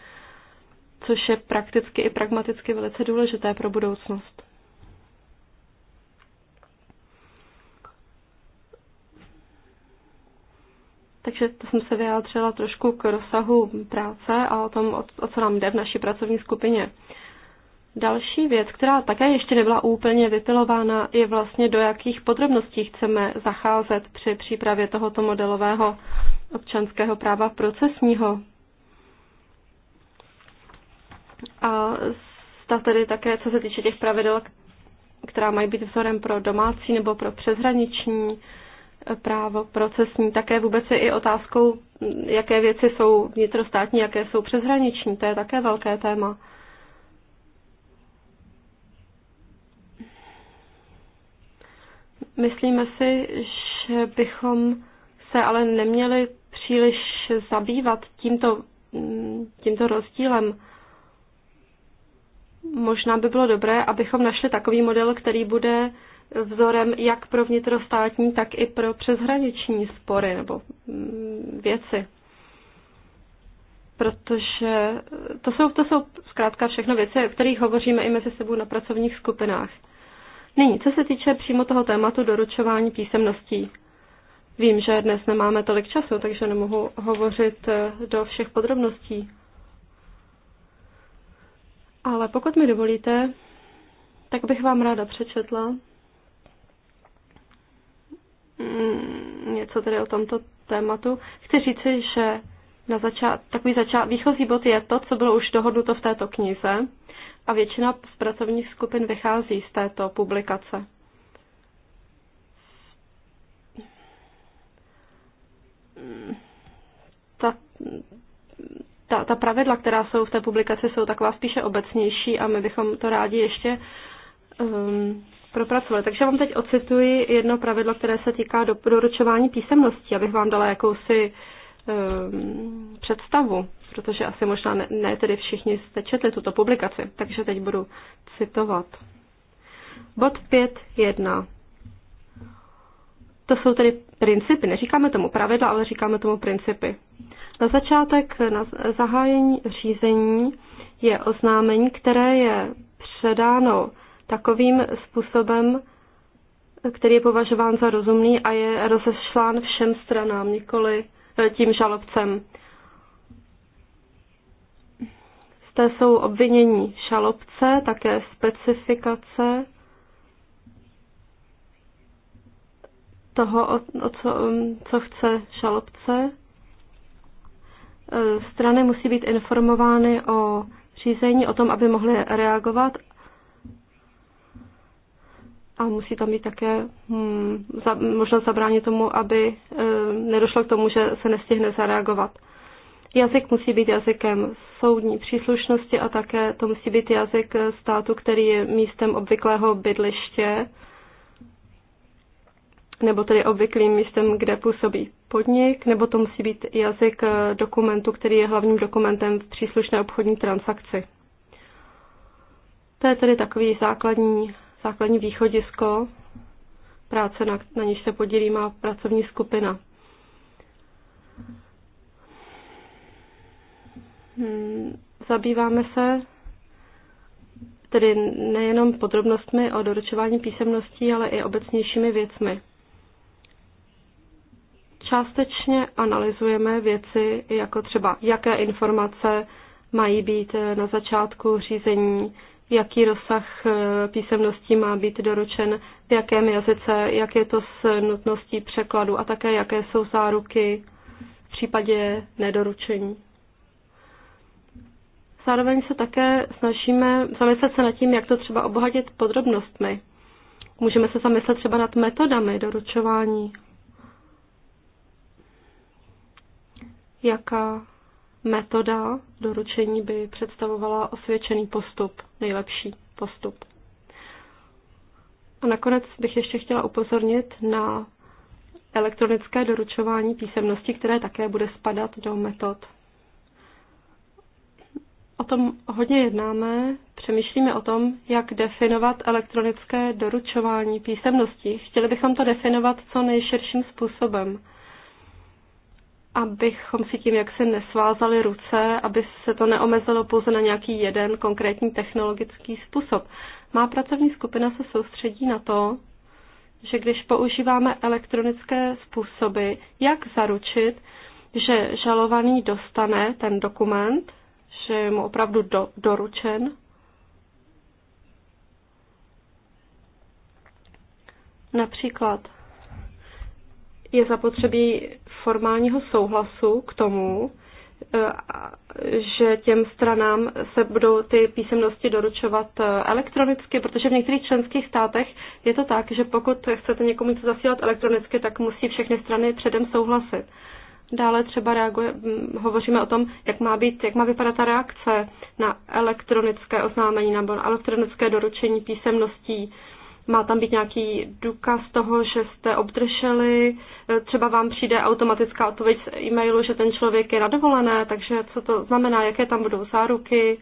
což je prakticky i pragmaticky velice důležité pro budoucnost. Takže to jsem se vyjádřila trošku k rozsahu práce a o tom, o co nám jde v naší pracovní skupině. Další věc, která také ještě nebyla úplně vypilována, je vlastně do jakých podrobností chceme zacházet při přípravě tohoto modelového občanského práva procesního. A ta tedy také, co se týče těch pravidel, která mají být vzorem pro domácí nebo pro přeshraniční právo procesní, také vůbec je i otázkou, jaké věci jsou vnitrostátní, jaké jsou přeshraniční. To je také velké téma. Myslíme si, že bychom se ale neměli příliš zabývat tímto, mm, tímto rozdílem. Možná by bylo dobré, abychom našli takový model, který bude vzorem jak pro vnitrostátní, tak i pro přeshraniční spory nebo mm, věci. Protože to jsou, to jsou zkrátka všechno věci, o kterých hovoříme i mezi sebou na pracovních skupinách. Nyní, co se týče přímo toho tématu doručování písemností. Vím, že dnes nemáme tolik času, takže nemohu hovořit eh, do všech podrobností. Ale pokud mi dovolíte, tak bych vám ráda přečetla mm, něco tedy o tomto tématu. Chci říci, že na začát, takový začát, výchozí bod je to, co bylo už dohodnuto v této knize, a většina z pracovních skupin vychází z této publikace. Ta, ta, ta pravidla, která jsou v té publikaci, jsou taková spíše obecnější a my bychom to rádi ještě um, propracovali. Takže vám teď ocituji jedno pravidlo, které se týká doručování písemností, abych vám dala jakousi uh, Ehm, představu, protože asi možná ne, ne tedy všichni jste četli tuto publikaci, takže teď budu citovat. Bod 5.1. To jsou tedy principy, neříkáme tomu pravidla, ale říkáme tomu principy. Na začátek, na zahájení řízení je oznámení, které je předáno takovým způsobem, který je považován za rozumný a je rozešlán všem stranám, nikoli tím šalobcem. Zde jsou obvinění šalobce, také specifikace toho, o, o co, um, co chce šalobce. E, strany musí být informovány o řízení, o tom, aby mohly reagovat a musí tam být také hmm, za, možnost zabránit tomu, aby hmm, nedošlo k tomu, že se nestihne zareagovat. Jazyk musí být jazykem soudní příslušnosti a také to musí být jazyk eh, státu, který je místem obvyklého bydliště, nebo tedy obvyklým místem, kde působí podnik, nebo to musí být jazyk eh, dokumentu, který je hlavním dokumentem v příslušné obchodní transakci. To je tedy takový základní základní východisko práce, na, na níž se podílí má pracovní skupina. Hmm, zabýváme se tedy nejenom podrobnostmi o doručování písemností, ale i obecnějšími věcmi. Částečně analyzujeme věci, jako třeba jaké informace mají být na začátku řízení, jaký rozsah eh, písemností má být doručen, v jakém jazyce, jak je to s nutností překladu a také jaké jsou záruky v případě nedoručení. Zároveň se také snažíme zamyslet se nad tím, jak to třeba obohatit podrobnostmi. Můžeme se zamyslet třeba nad metodami doručování. Jaká metoda doručení by představovala osvědčený postup, nejlepší postup. A nakonec bych ještě chtěla upozornit na elektronické doručování písemnosti, které také bude spadat do metod. O tom hodně jednáme, přemýšlíme o tom, jak definovat elektronické doručování písemnosti. Chtěli bychom to definovat co nejširším způsobem abychom si tím jak se nesvázali ruce, aby se to neomezilo pouze na nějaký jeden konkrétní technologický způsob. Má pracovní skupina se soustředí na to, že když používáme elektronické způsoby, jak zaručit, že žalovaný dostane ten dokument, že je mu opravdu do, doručen. Například je zapotřebí formálního souhlasu k tomu, eh, že těm stranám se budou ty písemnosti doručovat eh, elektronicky, protože v některých členských státech je to tak, že pokud chcete někomu něco zasílat elektronicky, tak musí všechny strany předem souhlasit. Dále třeba reaguje, mm, hovoříme o tom, jak má, být, jak má vypadat ta reakce na elektronické oznámení nebo na elektronické doručení písemností má tam být nějaký důkaz toho, že jste obdrželi, třeba vám přijde automatická odpověď z e-mailu, že ten člověk je nadovolené, takže co to znamená, jaké tam budou záruky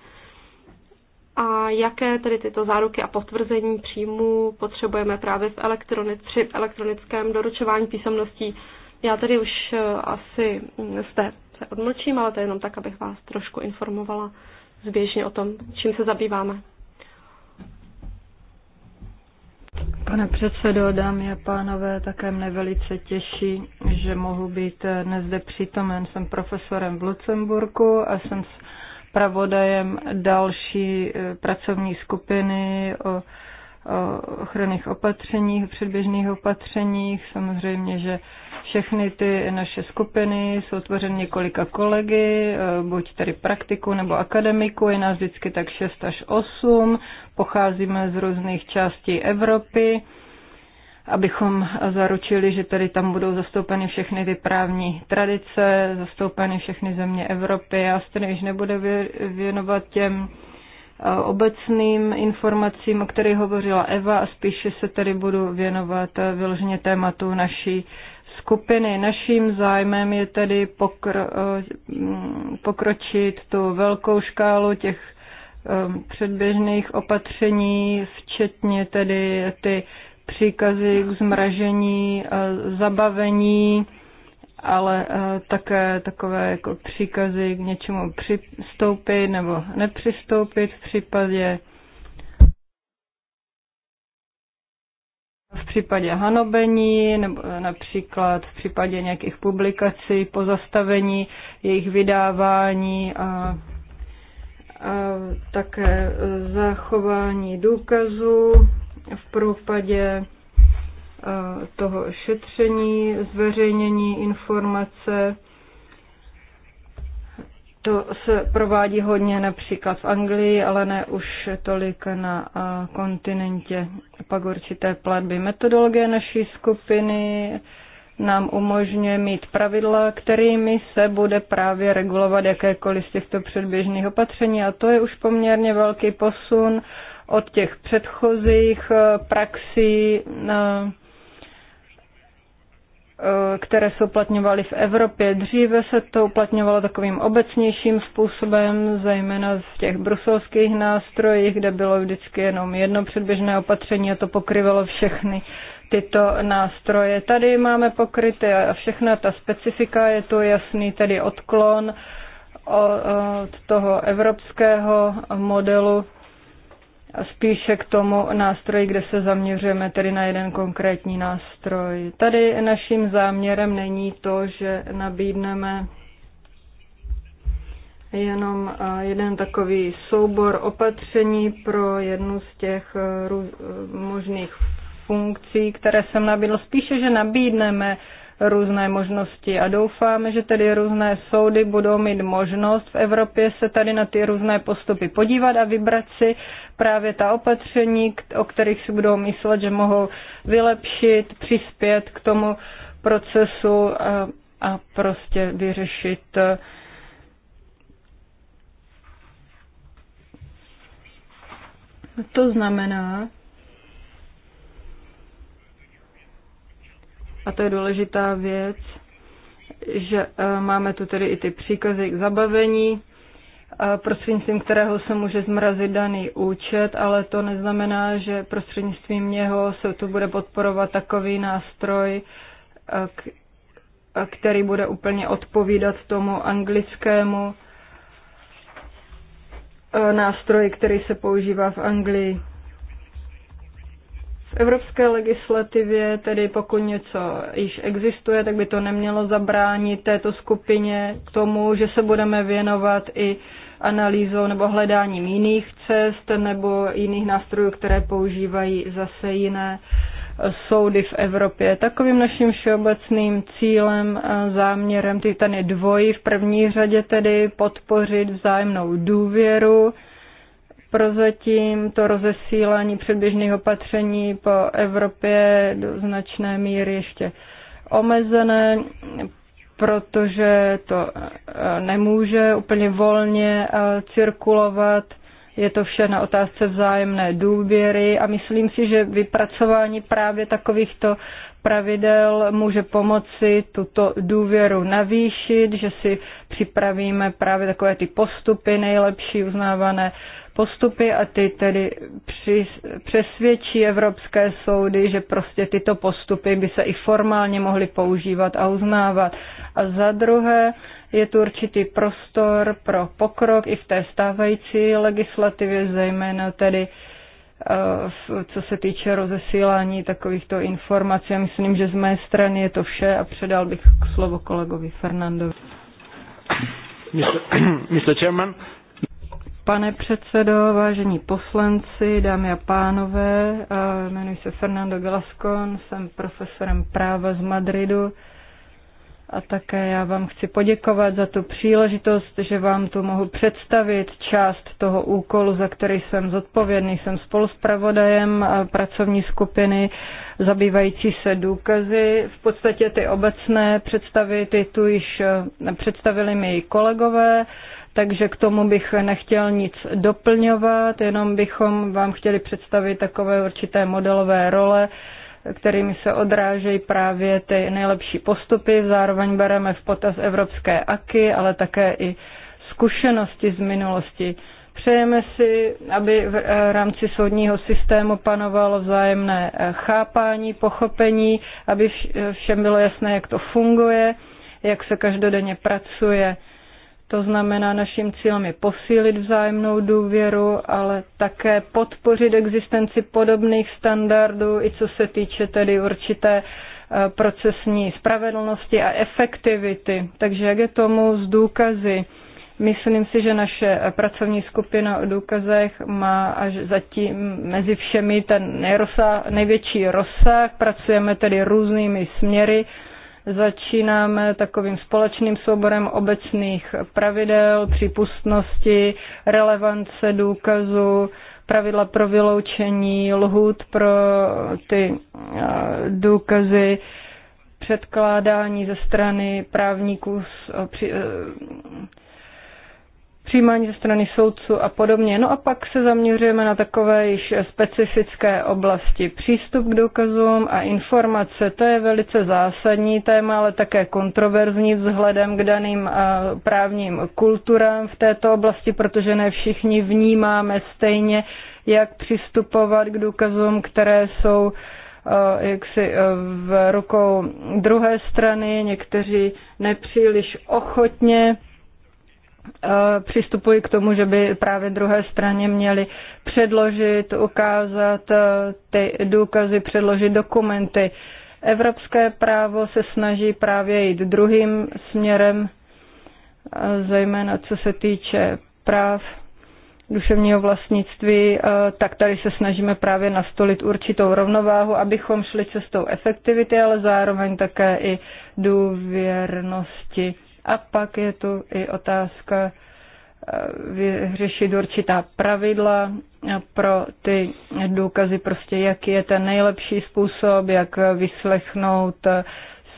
a jaké tedy tyto záruky a potvrzení příjmu potřebujeme právě v elektronic, při elektronickém doručování písemností. Já tady už eh, asi jste se odmlčím, ale to je jenom tak, abych vás trošku informovala zběžně o tom, čím se zabýváme. Pane předsedo, dámy a pánové, také mne velice těší, že mohu být dnes zde přítomen. Jsem profesorem v Lucemburku a jsem s pravodajem další eh, pracovní skupiny o ochranných opatřeních, předběžných opatřeních. Samozřejmě, že všechny ty naše skupiny jsou tvořeny několika kolegy, eh, buď tady praktiku nebo akademiku, je nás vždycky tak 6 až 8, pocházíme z různých částí Evropy, abychom zaručili, že tady tam budou zastoupeny všechny ty právní tradice, zastoupeny všechny země Evropy. Já se nebude věnovat těm obecným informacím, o kterých hovořila Eva a spíše se tady budu věnovat vyloženě tématu naší skupiny. Naším zájmem je tedy pokr- eh, mm, pokročit tu velkou škálu těch eh, předběžných opatření, včetně tedy ty příkazy k zmražení, zabavení, ale eh, také takové jako příkazy k něčemu přistoupit nebo nepřistoupit v případě v případě hanobení nebo eh, například v případě nějakých publikací, pozastavení jejich vydávání a, a také eh, zachování důkazů v případě toho šetření, zveřejnění informace. To se provádí hodně například v Anglii, ale ne už tolik na kontinentě. Pak určité platby. Metodologie naší skupiny nám umožňuje mít pravidla, kterými se bude právě regulovat jakékoliv z těchto předběžných opatření. A to je už poměrně velký posun od těch předchozích eh, praxí. Na eh, Eh, které se uplatňovaly v Evropě. Dříve se to uplatňovalo takovým obecnějším způsobem, zejména v těch bruselských nástrojích, kde bylo vždycky jenom jedno předběžné opatření a to pokryvalo všechny tyto nástroje. Tady máme pokryty a všechna ta specifika, je tu jasný tedy odklon od toho evropského modelu spíše k tomu nástroji, kde se zaměřujeme tedy na jeden konkrétní nástroj. Tady naším záměrem není to, že nabídneme jenom eh, jeden takový soubor opatření pro jednu z těch eh, eh, možných funkcí, které jsem nabídl. Spíše, že nabídneme různé možnosti a doufáme, že tedy různé soudy budou mít možnost v Evropě se tady na ty různé postupy podívat a vybrat si právě ta opatření, o kterých si budou myslet, že mohou vylepšit, přispět k tomu procesu a, a prostě vyřešit eh, To znamená, a to je důležitá věc, že eh, máme tu tedy i ty příkazy k zabavení, eh, prostřednictvím kterého se může zmrazit daný účet, ale to neznamená, že prostřednictvím něho se tu bude podporovat takový nástroj, eh, který bude úplně odpovídat tomu anglickému nástroji, který se používá v Anglii evropské legislativě, tedy pokud něco již existuje, tak by to nemělo zabránit této skupině k tomu, že se budeme věnovat i analýzou nebo hledáním jiných cest nebo jiných nástrojů, které používají zase jiné soudy v Evropě. Takovým naším všeobecným cílem, záměrem, ten je dvojí, v první řadě tedy podpořit vzájemnou důvěru, Prozatím to rozesílání předběžných opatření po Evropě do značné míry ještě omezené, protože to eh, nemůže úplně volně eh, cirkulovat. Je to vše na otázce vzájemné důvěry a myslím si, že vypracování právě takovýchto pravidel může pomoci tuto důvěru navýšit, že si připravíme právě takové ty postupy nejlepší uznávané postupy a ty tedy při, přesvědčí evropské soudy, že prostě tyto postupy by se i formálně mohly používat a uznávat. A za druhé je tu určitý prostor pro pokrok i v té stávající legislativě, zejména tedy eh, co se týče rozesílání takovýchto informací. Já myslím, že z mé strany je to vše a předal bych slovo kolegovi Fernandovi. Mr. (clears throat) Mr. Chairman, Pane předsedo, vážení poslanci, dámy a pánové, jmenuji se Fernando Galascon, jsem profesorem práva z Madridu a také já vám chci poděkovat za tu příležitost, že vám tu mohu představit část toho úkolu, za který jsem zodpovědný. Jsem spoluspravodajem pracovní skupiny zabývající se důkazy. V podstatě ty obecné představy ty tu již eh, představili mi kolegové takže k tomu bych nechtěl nic doplňovat, jenom bychom vám chtěli představit takové určité modelové role, kterými se odrážejí právě ty nejlepší postupy. Zároveň bereme v potaz evropské aky, ale také i zkušenosti z minulosti. Přejeme si, aby v rámci soudního systému panovalo vzájemné chápání, pochopení, aby všem bylo jasné, jak to funguje, jak se každodenně pracuje. To znamená, naším cílem je posílit vzájemnou důvěru, ale také podpořit existenci podobných standardů, i co se týče tedy určité eh, procesní spravedlnosti a efektivity. Takže jak je tomu z důkazy? Myslím si, že naše eh, pracovní skupina o důkazech má až zatím mezi všemi ten největší rozsah. Pracujeme tedy různými směry Začínáme takovým společným souborem obecných pravidel, přípustnosti, relevance důkazu, pravidla pro vyloučení, lhůt pro eh, ty eh, důkazy, předkládání ze strany právníků s, eh, při, přijímání ze strany soudců a podobně. No a pak se zaměřujeme na takové již specifické oblasti. Přístup k důkazům a informace, to je velice zásadní téma, ale také kontroverzní vzhledem k daným eh, právním kulturám v této oblasti, protože ne všichni vnímáme stejně, jak přistupovat k důkazům, které jsou eh, jaksi eh, v rukou druhé strany, někteří nepříliš ochotně Eh, přistupuji k tomu, že by právě druhé straně měli předložit, ukázat eh, ty důkazy, předložit dokumenty. Evropské právo se snaží právě jít druhým směrem, eh, zejména co se týče práv duševního vlastnictví, tak tady se snažíme právě nastolit určitou rovnováhu, abychom šli cestou efektivity, ale zároveň také i důvěrnosti a pak je tu i otázka eh, vyřešit určitá pravidla pro ty důkazy, prostě jaký je ten nejlepší způsob, jak vyslechnout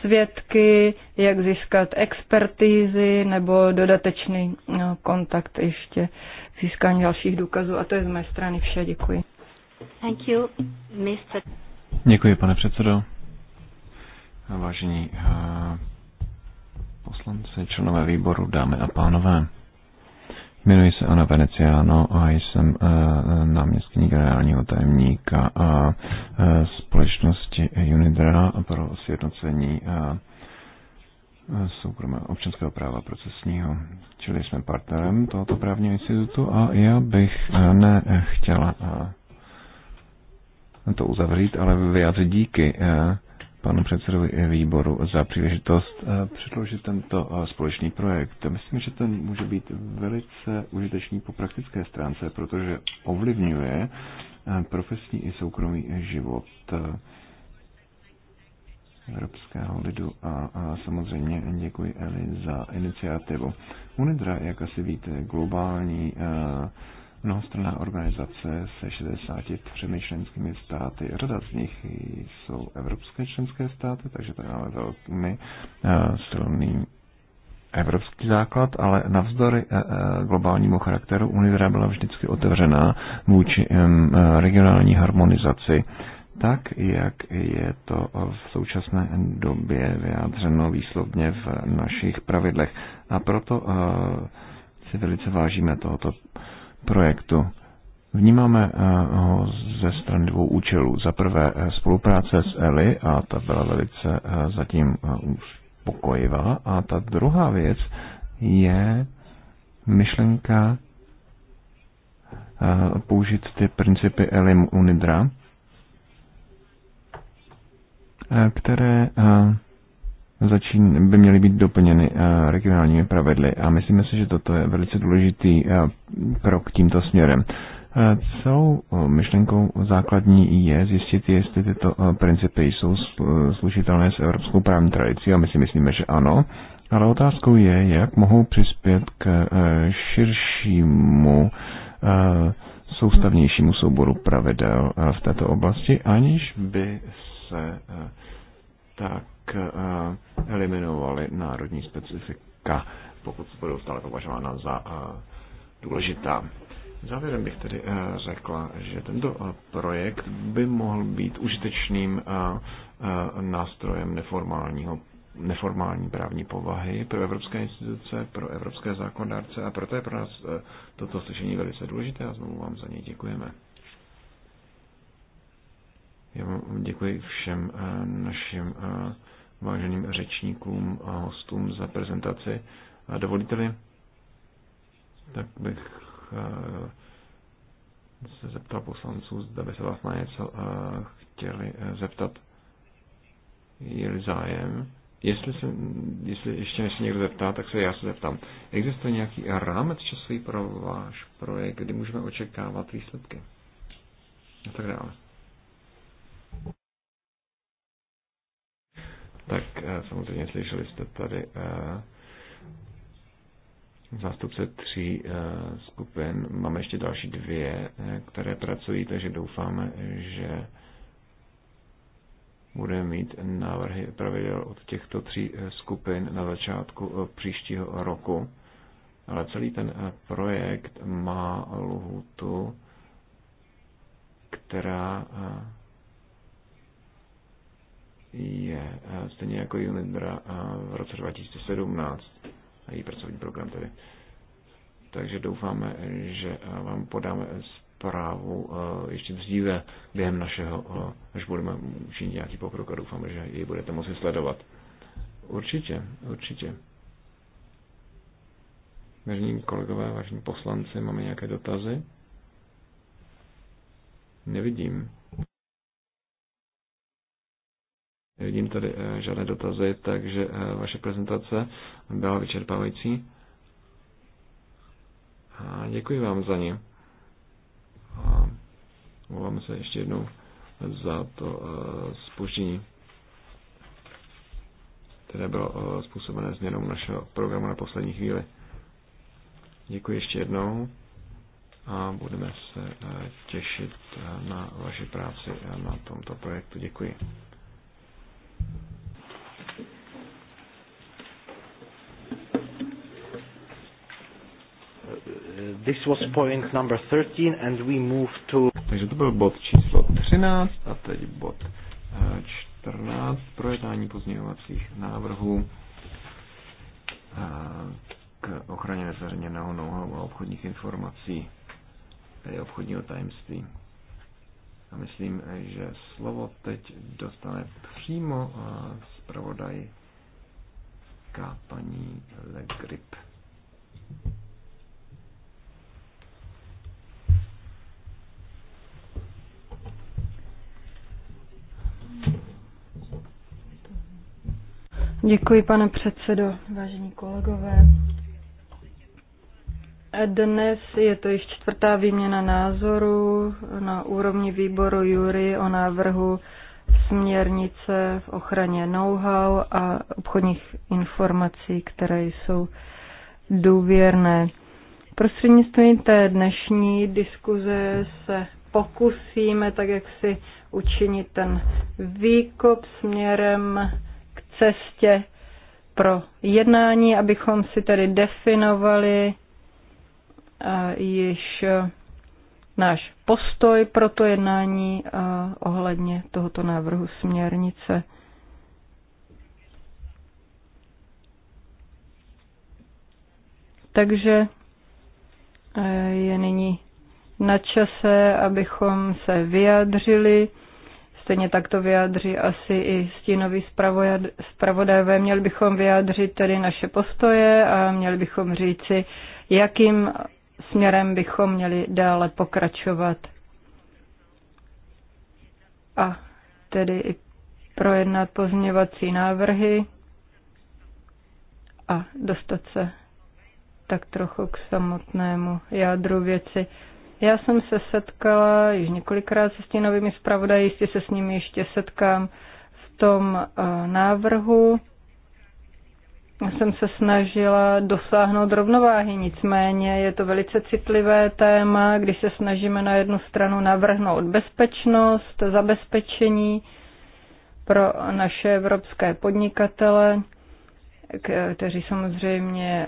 svědky, jak získat expertízy nebo dodatečný no, kontakt ještě k získání dalších důkazů. A to je z mé strany vše. Děkuji. Thank you, Mr. Děkuji, pane předsedo. Vážení eh, poslanci, členové výboru, dámy a pánové. Jmenuji se Ana Veneciano a jsem uh, náměstkyní generálního tajemníka a, eh, eh, společnosti Unidra pro sjednocení soukromé občanského práva procesního. Čili jsme partnerem tohoto právního institutu a já bych nechtěla to uzavřít, ale vyjádřit díky panu předsedovi výboru za příležitost eh, předložit tento eh, společný projekt. Myslím, že ten může být velice užitečný po praktické stránce, protože ovlivňuje eh, profesní i soukromý život evropského lidu a, a samozřejmě děkuji Eli za iniciativu. UNIDRA, jak asi víte, globální uh, mnohostranná organizace se 63 členskými státy. Řada z nich jsou evropské členské státy, takže tady máme velmi eh, silný evropský základ, ale navzdory eh, eh, globálnímu charakteru Univera byla vždycky otevřená vůči regionální harmonizaci, tak jak je to v současné době vyjádřeno výslovně v našich pravidlech. A proto si velice vážíme tohoto projektu. Vnímáme eh, ho ze strany dvou účelů. Za prvé eh, spolupráce s Eli, a ta byla velice eh, zatím uspokojivá. A ta druhá věc je myšlenka použít ty principy Eli Unidra, které začín, by měly být doplněny eh, regionálními pravidly a myslíme si, že toto je velice důležitý eh, krok tímto směrem. Eh, celou myšlenkou základní je zjistit, jestli tyto principy jsou slušitelné s evropskou právní tradicí a my si myslíme, že ano. Ale otázkou je, jak mohou přispět k širšímu soustavnějšímu souboru pravidel v této oblasti, aniž by se tak Eh, eliminovali národní specifika, pokud se budou stále považována za eh, důležitá. Závěrem bych tedy eh, řekla, že tento projekt by mohl být užitečným nástrojem neformálního neformální právní povahy pro evropské instituce, pro evropské zákonodárce a proto je pro nás toto slyšení velice důležité a znovu vám za něj děkujeme. Já vám děkuji všem eh, našim eh, váženým řečníkům a hostům za prezentaci. Dovolíte-li, tak bych eh, se zeptal poslanců, zda by se vás na něco chtěli zeptat. Je zájem? Jestli, se, jestli ještě než se někdo zeptá, tak se já se zeptám. Existuje nějaký rámec časový pro váš projekt, kdy můžeme očekávat výsledky? A tak dále. Tak eh, samozřejmě slyšeli jste tady eh, zástupce tří eh, skupin. Máme ještě další dvě, které pracují, takže doufáme, že budeme mít návrhy pravidel od těchto tří skupin na začátku příštího roku. Ale celý ten projekt má lhutu, která je eh, stejně jako Unindra eh, v roce 2017, její pracovní program tedy. Takže doufáme, že eh, vám podáme zprávu ještě dříve během našeho, až budeme učinit nějaký pokrok a doufáme, že ji budete moci sledovat. Určitě, určitě. Vážení kolegové, vážení poslanci, máme nějaké dotazy? Nevidím. Nevidím tady eh, žádné dotazy, takže eh, vaše prezentace byla vyčerpávající. A děkuji vám za ně. A Omlouvám se ještě jednou za to uh, eh, spoždění, které bylo způsobené změnou našeho programu na poslední chvíli. Děkuji ještě jednou a budeme se těšit na vaši práci na tomto projektu. Děkuji. This was point number 13 and we move to... Takže to byl bod číslo 13 a teď bod 14, eh, projednání pozměňovacích návrhů eh, k ochraně nezveřejněného know-how a obchodních informací, tedy obchodního tajemství. A myslím, že slovo teď dostane přímo eh, zpravodajka paní Le Grip. Děkuji, pane předsedo, vážení kolegové. Dnes je to již čtvrtá výměna názoru na úrovni výboru Jury o návrhu směrnice v ochraně know-how a obchodních informací, které jsou důvěrné. Prostřednictvím té dnešní diskuze se pokusíme tak, jak si učinit ten výkop směrem k cestě pro jednání, abychom si tedy definovali již e, náš postoj pro to jednání e, ohledně tohoto návrhu směrnice. Takže e, je nyní na čase, abychom se vyjádřili. Stejně tak to vyjádří asi i stínový zpravodajové. Měli bychom vyjádřit tedy naše postoje a měli bychom říci, jakým směrem bychom měli dále pokračovat a tedy i projednat pozměvací návrhy a dostat se tak trochu k samotnému jádru věci. Já jsem se setkala již několikrát se stínovými zpravodaji, jistě se s nimi ještě setkám v tom eh, návrhu jsem se snažila dosáhnout rovnováhy, nicméně je to velice citlivé téma, když se snažíme na jednu stranu navrhnout bezpečnost, zabezpečení pro naše evropské podnikatele, kteří samozřejmě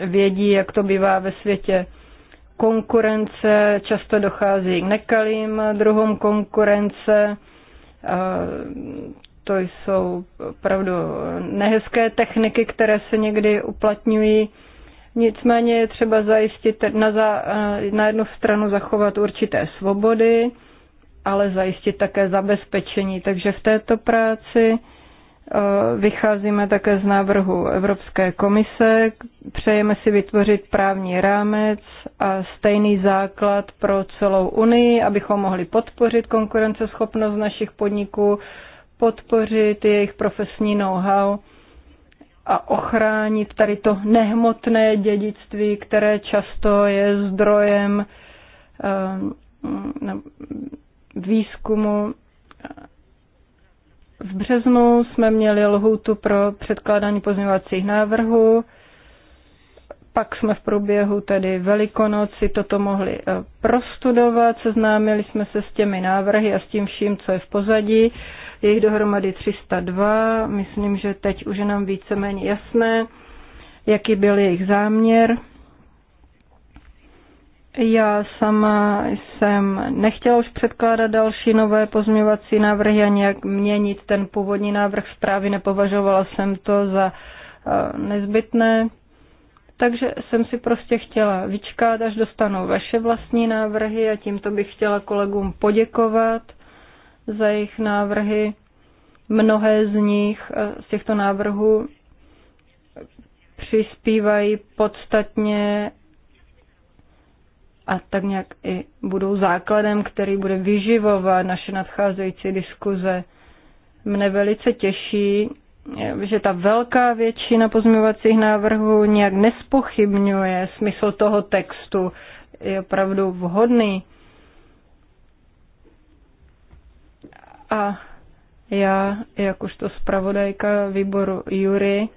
eh, vědí, jak to bývá ve světě konkurence, často dochází k nekalým druhům konkurence, eh, to jsou opravdu nehezké techniky, které se někdy uplatňují. Nicméně je třeba zajistit na, za, na jednu stranu zachovat určité svobody, ale zajistit také zabezpečení. Takže v této práci eh, vycházíme také z návrhu Evropské komise. Přejeme si vytvořit právní rámec a stejný základ pro celou Unii, abychom mohli podpořit konkurenceschopnost našich podniků, podpořit jejich profesní know-how a ochránit tady to nehmotné dědictví, které často je zdrojem eh, mm, výzkumu. V březnu jsme měli lhůtu pro předkládání pozměňovacích návrhů, pak jsme v průběhu tedy Velikonoci toto mohli eh, prostudovat, seznámili jsme se s těmi návrhy a s tím vším, co je v pozadí je jich dohromady 302. Myslím, že teď už je nám víceméně jasné, jaký byl jejich záměr. Já sama jsem nechtěla už předkládat další nové pozměňovací návrhy a nějak měnit ten původní návrh zprávy, nepovažovala jsem to za eh, nezbytné. Takže jsem si prostě chtěla vyčkat, až dostanou vaše vlastní návrhy a tímto bych chtěla kolegům poděkovat za jejich návrhy. Mnohé z nich, eh, z těchto návrhů, přispívají podstatně a tak nějak i budou základem, který bude vyživovat naše nadcházející diskuze. Mne velice těší, eh, že ta velká většina pozměňovacích návrhů nějak nespochybňuje smysl toho textu, je opravdu vhodný. A já, jakožto zpravodajka výboru Jury,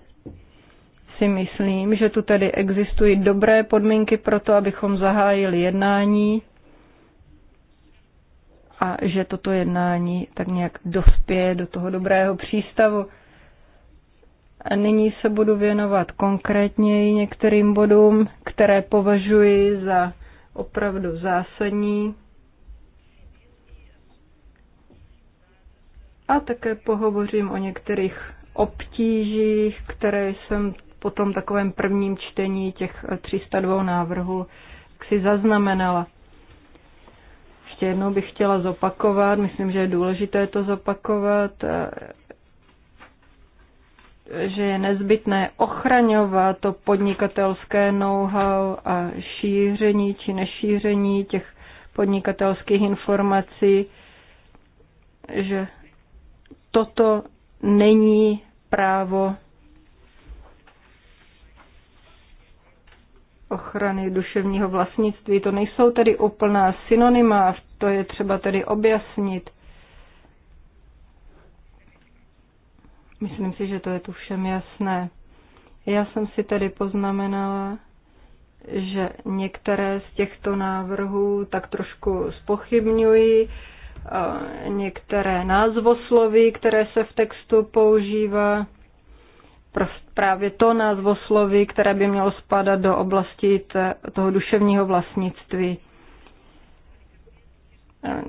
si myslím, že tu tedy existují dobré podmínky pro to, abychom zahájili jednání a že toto jednání tak nějak dospěje do toho dobrého přístavu. A nyní se budu věnovat konkrétněji některým bodům, které považuji za opravdu zásadní a také pohovořím o některých obtížích, které jsem po tom takovém prvním čtení těch 302 návrhů si zaznamenala. Ještě jednou bych chtěla zopakovat, myslím, že je důležité to zopakovat, že je nezbytné ochraňovat to podnikatelské know-how a šíření či nešíření těch podnikatelských informací, že toto není právo ochrany duševního vlastnictví. To nejsou tedy úplná synonyma, to je třeba tedy objasnit. Myslím si, že to je tu všem jasné. Já jsem si tedy poznamenala, že některé z těchto návrhů tak trošku spochybňuji Eh, některé názvosloví, které se v textu používá, právě to názvosloví, které by mělo spadat do oblasti toho duševního vlastnictví. Eh,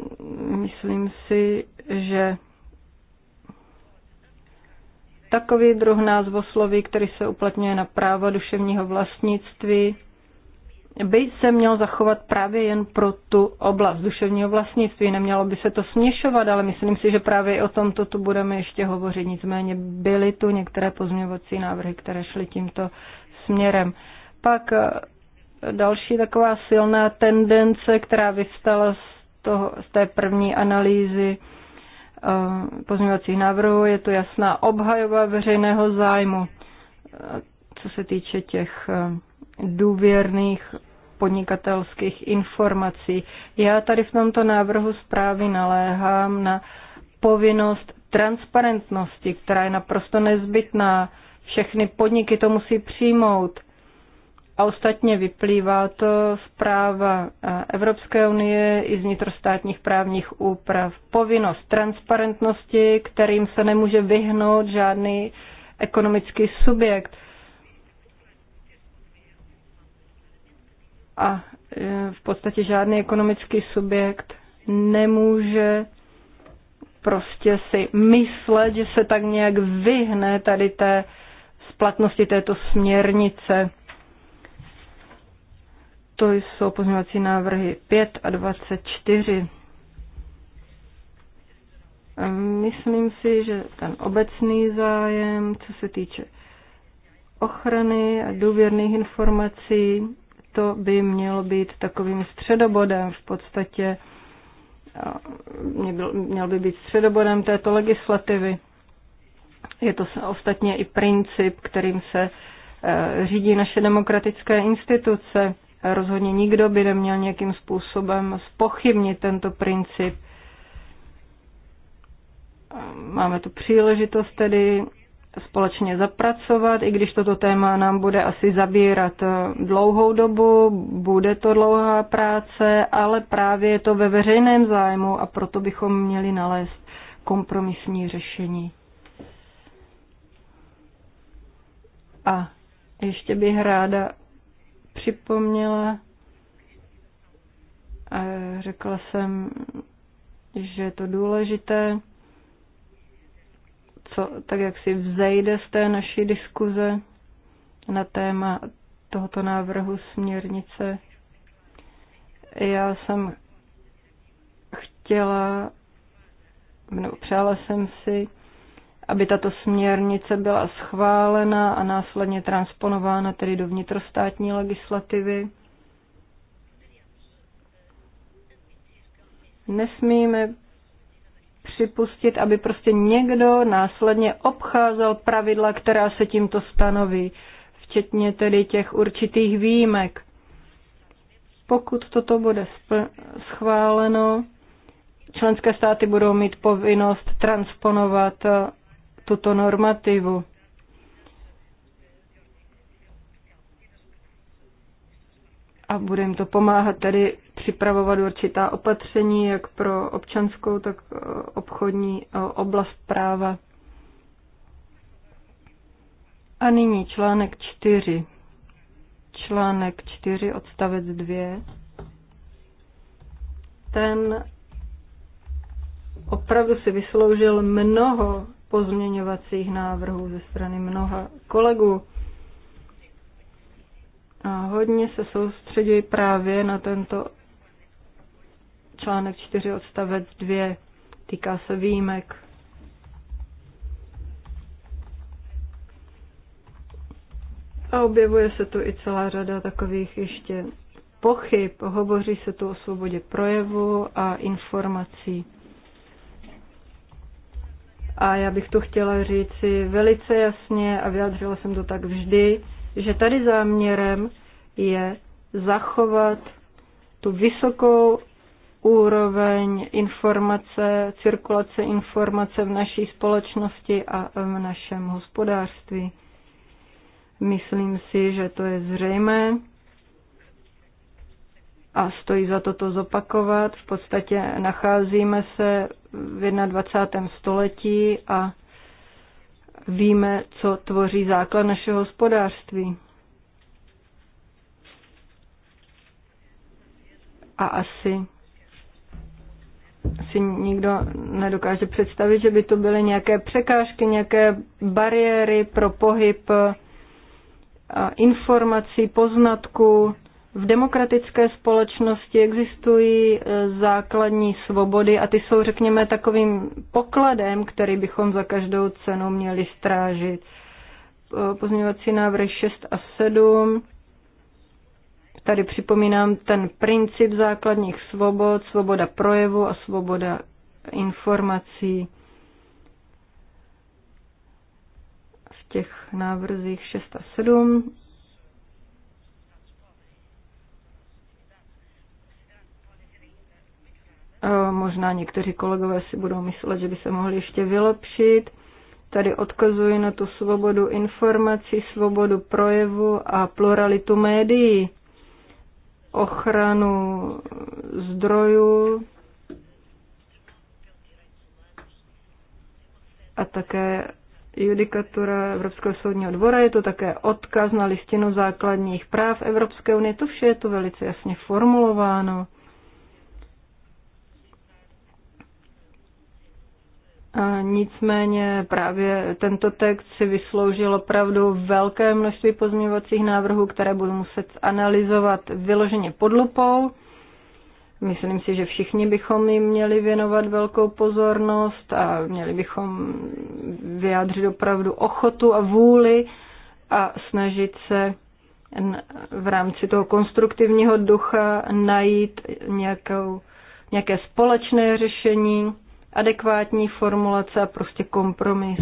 myslím si, že takový druh názvosloví, který se uplatňuje na právo duševního vlastnictví, by se měl zachovat právě jen pro tu oblast duševního vlastnictví. Nemělo by se to směšovat, ale myslím si, že právě o tomto tu budeme ještě hovořit. Nicméně byly tu některé pozměňovací návrhy, které šly tímto směrem. Pak eh, další taková silná tendence, která vyvstala z, toho, z té první analýzy eh, pozměňovacích návrhů, je to jasná obhajoba veřejného zájmu, eh, co se týče těch důvěrných podnikatelských informací. Já tady v tomto návrhu zprávy naléhám na povinnost transparentnosti, která je naprosto nezbytná. Všechny podniky to musí přijmout. A ostatně vyplývá to z práva Evropské unie i z vnitrostátních právních úprav. Povinnost transparentnosti, kterým se nemůže vyhnout žádný ekonomický subjekt. a e, v podstatě žádný ekonomický subjekt nemůže prostě si myslet, že se tak nějak vyhne tady té splatnosti této směrnice. To jsou pozměňovací návrhy 5 a 24. Myslím si, že ten obecný zájem, co se týče ochrany a důvěrných informací, to by mělo být takovým středobodem v podstatě, měl by být středobodem této legislativy. Je to ostatně i princip, kterým se e, řídí naše demokratické instituce. Rozhodně nikdo by neměl nějakým způsobem spochybnit tento princip. Máme tu příležitost tedy společně zapracovat, i když toto téma nám bude asi zabírat eh, dlouhou dobu, bude to dlouhá práce, ale právě je to ve veřejném zájmu a proto bychom měli nalézt kompromisní řešení. A ještě bych ráda připomněla, a eh, řekla jsem, že je to důležité, co tak jak si vzejde z té naší diskuze na téma tohoto návrhu směrnice. Já jsem chtěla, nebo přála jsem si, aby tato směrnice byla schválena a následně transponována tedy do vnitrostátní legislativy. Nesmíme připustit, aby prostě někdo následně obcházel pravidla, která se tímto stanoví, včetně tedy těch určitých výjimek. Pokud toto bude schváleno, členské státy budou mít povinnost transponovat eh, tuto normativu. A budeme to pomáhat tedy připravovat určitá opatření jak pro občanskou, tak eh, obchodní eh, oblast práva. A nyní článek 4. Článek 4, odstavec 2. Ten opravdu si vysloužil mnoho pozměňovacích návrhů ze strany mnoha kolegů. A hodně se soustředí právě na tento článek 4 odstavec 2. Týká se výjimek. A objevuje se tu i celá řada takových ještě pochyb. Hovoří se tu o svobodě projevu a informací. A já bych tu chtěla říci velice jasně a vyjádřila jsem to tak vždy, že tady záměrem je zachovat tu vysokou úroveň informace, cirkulace informace v naší společnosti a v našem hospodářství. Myslím si, že to je zřejmé a stojí za to to zopakovat. V podstatě nacházíme se v 21. století a víme, co tvoří základ našeho hospodářství. A asi si nikdo nedokáže představit, že by to byly nějaké překážky, nějaké bariéry pro pohyb eh, informací, poznatků. V demokratické společnosti existují eh, základní svobody a ty jsou, řekněme, takovým pokladem, který bychom za každou cenu měli strážit. Eh, pozměňovací návrhy 6 a 7 Tady připomínám ten princip základních svobod, svoboda projevu a svoboda informací v těch návrzích 6 a 7. Možná někteří kolegové si budou myslet, že by se mohli ještě vylepšit. Tady odkazuji na tu svobodu informací, svobodu projevu a pluralitu médií ochranu zdrojů a také judikatura Evropského soudního dvora, je to také odkaz na listinu základních práv Evropské unie, to vše je tu velice jasně formulováno. Nicméně právě tento text si vysloužil opravdu velké množství pozměňovacích návrhů, které budu muset analyzovat vyloženě pod lupou. Myslím si, že všichni bychom jim měli věnovat velkou pozornost a měli bychom vyjádřit opravdu ochotu a vůli a snažit se v rámci toho konstruktivního ducha najít nějakou, nějaké společné řešení adekvátní formulace a prostě kompromis,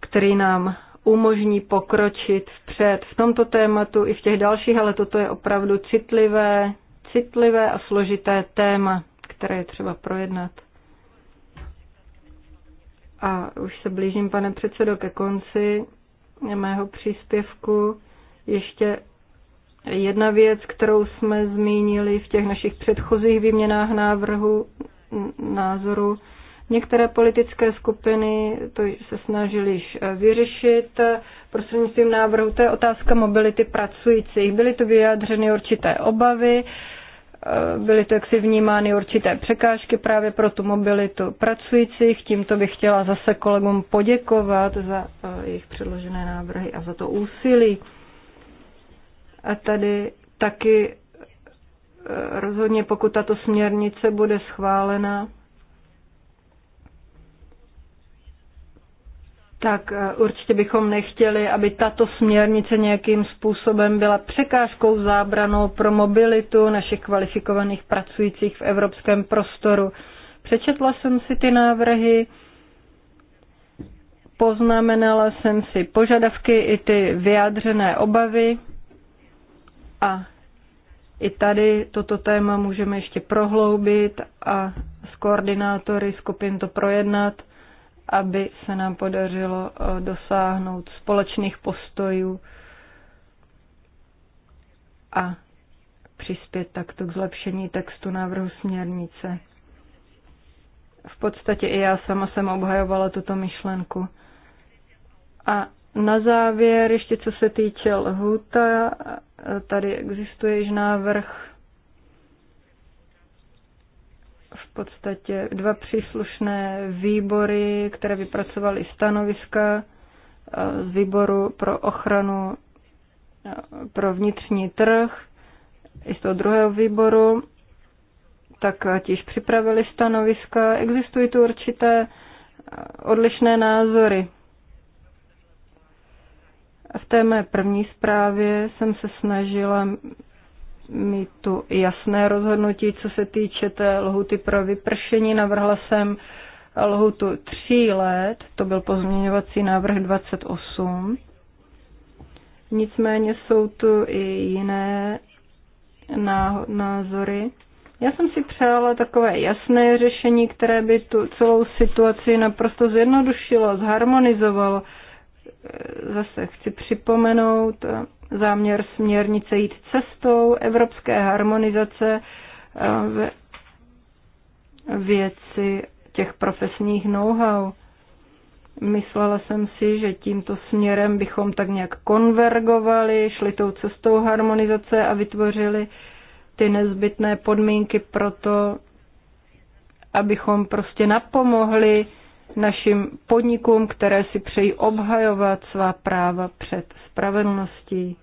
který nám umožní pokročit vpřed v tomto tématu i v těch dalších, ale toto je opravdu citlivé, citlivé a složité téma, které je třeba projednat. A už se blížím, pane předsedo, ke konci mého příspěvku. Ještě jedna věc, kterou jsme zmínili v těch našich předchozích výměnách návrhu názoru. Některé politické skupiny to se snažili eh, vyřešit eh, prostřednictvím návrhu. To je otázka mobility pracujících. Byly tu vyjádřeny určité obavy, eh, byly to jaksi vnímány určité překážky právě pro tu mobilitu pracujících. Tímto bych chtěla zase kolegům poděkovat za jejich předložené návrhy a za to úsilí. A tady taky rozhodně pokud tato směrnice bude schválena, tak eh, určitě bychom nechtěli, aby tato směrnice nějakým způsobem byla překážkou zábranou pro mobilitu našich kvalifikovaných pracujících v evropském prostoru. Přečetla jsem si ty návrhy, poznamenala jsem si požadavky i ty vyjádřené obavy a i tady toto téma můžeme ještě prohloubit a s koordinátory skupin to projednat, aby se nám podařilo eh, dosáhnout společných postojů a přispět takto k zlepšení textu návrhu směrnice. V podstatě i já sama jsem obhajovala tuto myšlenku. A na závěr, ještě co se týče lhuta, tady existuje již návrh v podstatě dva příslušné výbory, které vypracovaly stanoviska eh, z výboru pro ochranu eh, pro vnitřní trh i z toho druhého výboru, tak tiž připravili stanoviska. Existují tu určité eh, odlišné názory v té mé první zprávě jsem se snažila mít tu jasné rozhodnutí, co se týče té lhuty pro vypršení. Navrhla jsem lhutu tří let, to byl pozměňovací návrh 28. Nicméně jsou tu i jiné názory. Já jsem si přála takové jasné řešení, které by tu celou situaci naprosto zjednodušilo, zharmonizovalo zase chci připomenout záměr směrnice jít cestou evropské harmonizace eh, v věci těch profesních know-how. Myslela jsem si, že tímto směrem bychom tak nějak konvergovali, šli tou cestou harmonizace a vytvořili ty nezbytné podmínky pro to, abychom prostě napomohli našim podnikům, které si přejí obhajovat svá práva před spravedlností.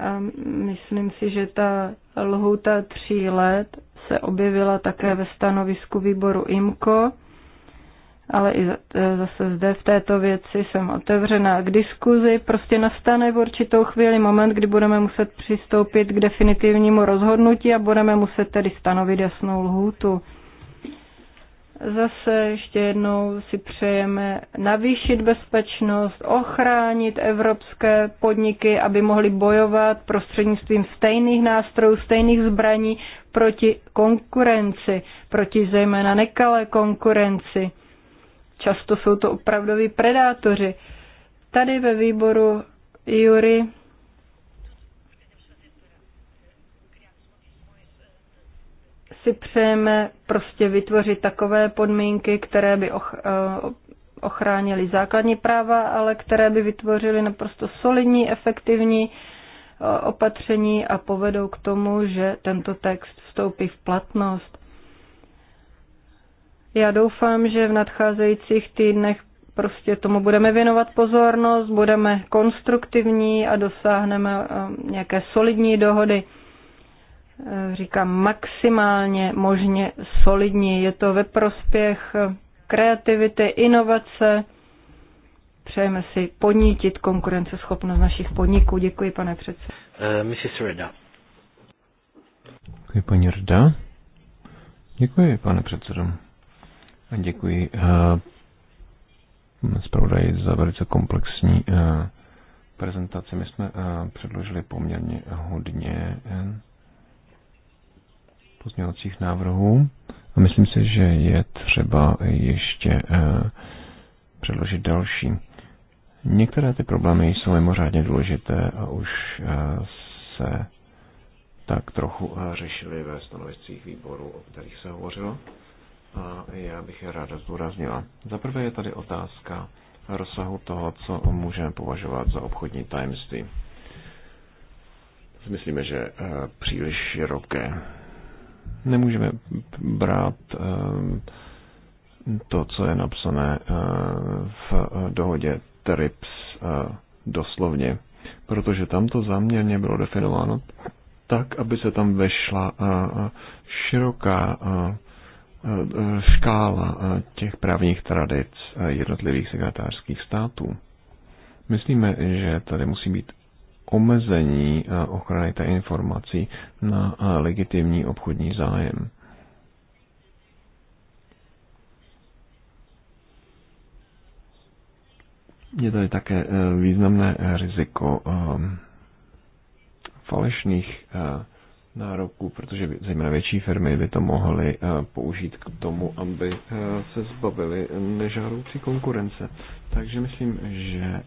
A myslím si, že ta lhuta tří let se objevila také ve stanovisku výboru IMCO, ale i e, zase zde v této věci jsem otevřená k diskuzi. Prostě nastane v určitou chvíli moment, kdy budeme muset přistoupit k definitivnímu rozhodnutí a budeme muset tedy stanovit jasnou lhůtu. Zase ještě jednou si přejeme navýšit bezpečnost, ochránit evropské podniky, aby mohly bojovat prostřednictvím stejných nástrojů, stejných zbraní proti konkurenci, proti zejména nekalé konkurenci. Často jsou to opravdoví predátoři. Tady ve výboru Jury si přejeme prostě vytvořit takové podmínky, které by eh, ochránily základní práva, ale které by vytvořily naprosto solidní, efektivní eh, opatření a povedou k tomu, že tento text vstoupí v platnost. Já doufám, že v nadcházejících týdnech prostě tomu budeme věnovat pozornost, budeme konstruktivní a dosáhneme eh, nějaké solidní dohody. Eh, říkám, maximálně možně solidní. Je to ve prospěch kreativity, inovace. Přejeme si ponítit konkurenceschopnost našich podniků. Děkuji, pane předsedo. Uh, Mrs. Reda. Děkuji, paní Reda. Děkuji, pane předsedo. A děkuji uh, zpravodaji za velice komplexní uh, prezentaci. My jsme uh, předložili poměrně hodně. Uh, pozměňovacích návrhů a myslím si, že je třeba ještě eh, předložit další. Některé ty problémy jsou mimořádně důležité a už eh, se tak trochu eh, řešili ve stanoviscích výborů, o kterých se hovořilo. A já bych je ráda zdůraznila. Za prvé je tady otázka rozsahu toho, co můžeme považovat za obchodní tajemství. Myslíme, že příliš široké. Nemůžeme brát eh, to, co je napsané eh, v dohodě TRIPS eh, doslovně, protože tam to záměrně bylo definováno tak, aby se tam vešla široká škála těch právních tradic jednotlivých signatářských států. Myslíme, že tady musí být omezení eh, ochrany té informací na eh, legitimní obchodní zájem. Je tady také eh, významné riziko falešných nároků, protože zejména větší firmy by to mohly eh, použít k tomu, aby eh, se zbavili nežádoucí konkurence. Takže myslím, že eh,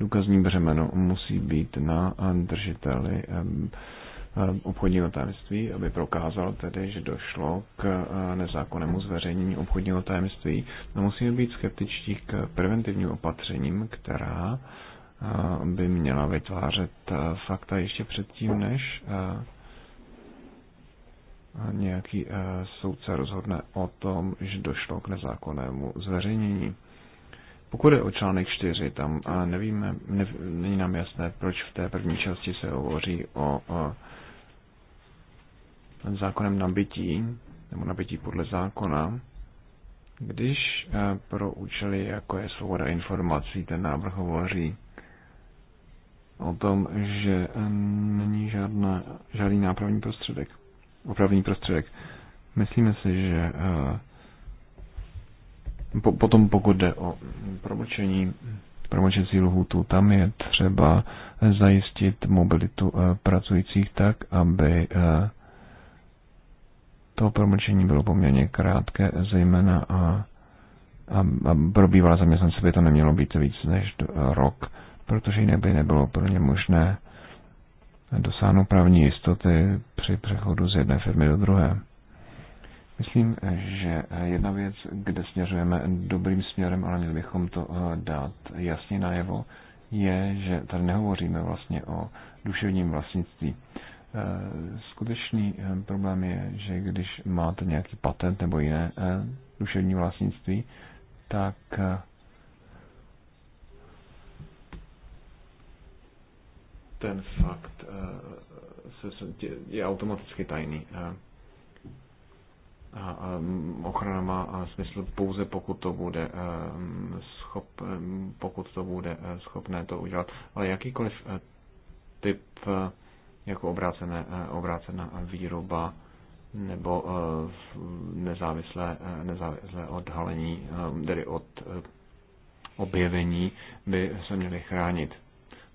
důkazní břemeno musí být na držiteli obchodního tajemství, aby prokázal tedy, že došlo k nezákonnému zveřejnění obchodního tajemství. A musíme být skeptičtí k preventivním opatřením, která by měla vytvářet fakta ještě předtím, než nějaký eh, soudce rozhodne o tom, že došlo k nezákonnému zveřejnění. Pokud je o článek 4, tam eh, nevíme, ne, není nám jasné, proč v té první části se hovoří o, o zákonem nabití, nebo nabití podle zákona, když eh, pro účely, jako je svoboda informací, ten návrh hovoří o tom, že není žádná, žádný nápravní prostředek opravný prostředek. Myslíme si, že eh, po, potom pokud jde o promlčení, promlčecí lhůtu, tam je třeba zajistit mobilitu eh, pracujících tak, aby eh, to promlčení bylo poměrně krátké, zejména a, a, a pro bývalé zaměstnance by to nemělo být víc než rok, protože jinak by nebylo pro ně možné dosáhnout právní jistoty při přechodu z jedné firmy do druhé. Myslím, že jedna věc, kde směřujeme dobrým směrem, ale měli bychom to eh, dát jasně najevo, je, že tady nehovoříme vlastně o duševním vlastnictví. Eh, skutečný eh, problém je, že když máte nějaký patent nebo jiné duševní vlastnictví, tak ten fakt eh, se, se, je automaticky tajný. Eh, a, a ochrana má eh, smysl pouze pokud to bude schop, pokud to bude schopné to udělat. Ale jakýkoliv typ jako obrácené, obrácená výroba nebo nezávislé, nezávislé odhalení, tedy od objevení, by se měly chránit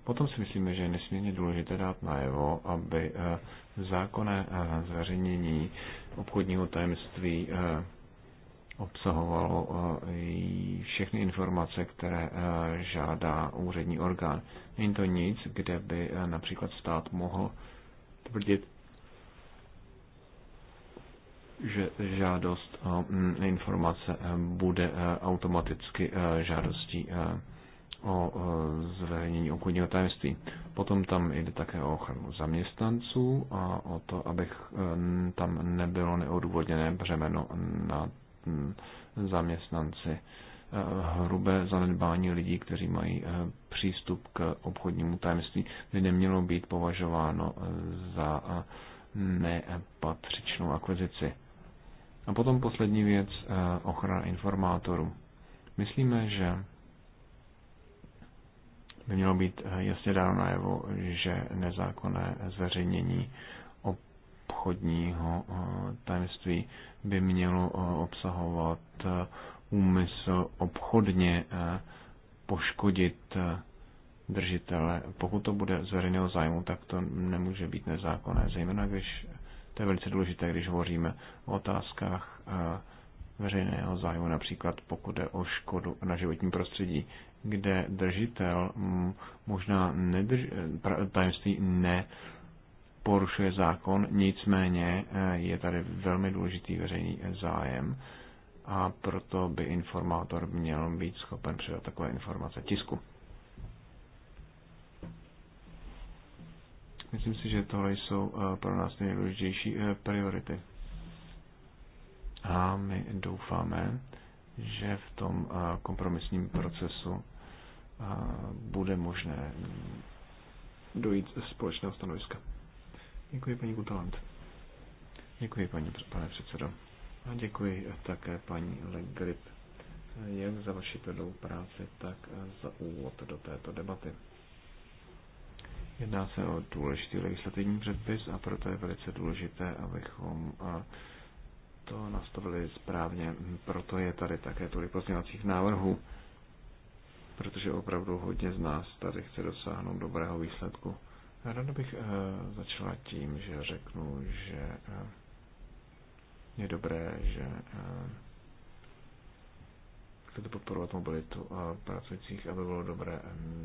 Potom si myslíme, že je nesmírně důležité dát najevo, aby eh, zákonné eh, zveřejnění obchodního tajemství eh, obsahovalo všechny informace, které žádá úřední orgán. Není to nic, kde by například stát mohl tvrdit, že žádost mm, informace bude automaticky žádostí o zveřejnění obchodního tajemství. Potom tam jde také o ochranu zaměstnanců a o to, abych e, tam nebylo neodůvodněné břemeno na zaměstnanci e, hrubé zanedbání lidí, kteří mají e, přístup k obchodnímu tajemství, by nemělo být považováno za nepatřičnou akvizici. A potom poslední věc, ochrana informátorů. Myslíme, že by mělo být eh, jasně dáno najevo, že nezákonné zveřejnění obchodního eh, tajemství by mělo eh, obsahovat úmysl obchodně poškodit držitele. Pokud to bude z veřejného zájmu, tak to nemůže být nezákonné, zejména když to je velice důležité, když hovoříme o otázkách veřejného zájmu, například pokud je o škodu na životním prostředí kde držitel možná nedrž, tajemství ne porušuje zákon, nicméně eh, je tady velmi důležitý veřejný zájem a proto by informátor měl být schopen předat takové informace tisku. Myslím si, že tohle jsou eh, pro nás nejdůležitější eh, priority. A my doufáme, že v tom kompromisním procesu a bude možné dojít společného stanoviska. Děkuji, paní Gutalant. Děkuji, paní, pane předsedo. A děkuji také paní Legrip eh, jak za vaši tvrdou práci, tak eh, za úvod do této debaty. Jedná se o důležitý legislativní předpis a proto je velice důležité, abychom eh, to nastavili správně. Proto je tady také tolik pozměňovacích návrhů protože opravdu hodně z nás tady chce dosáhnout dobrého výsledku. Ráda bych eh, začala tím, že řeknu, že eh, je dobré, že eh, chcete podporovat mobilitu pracujících, aby bylo dobré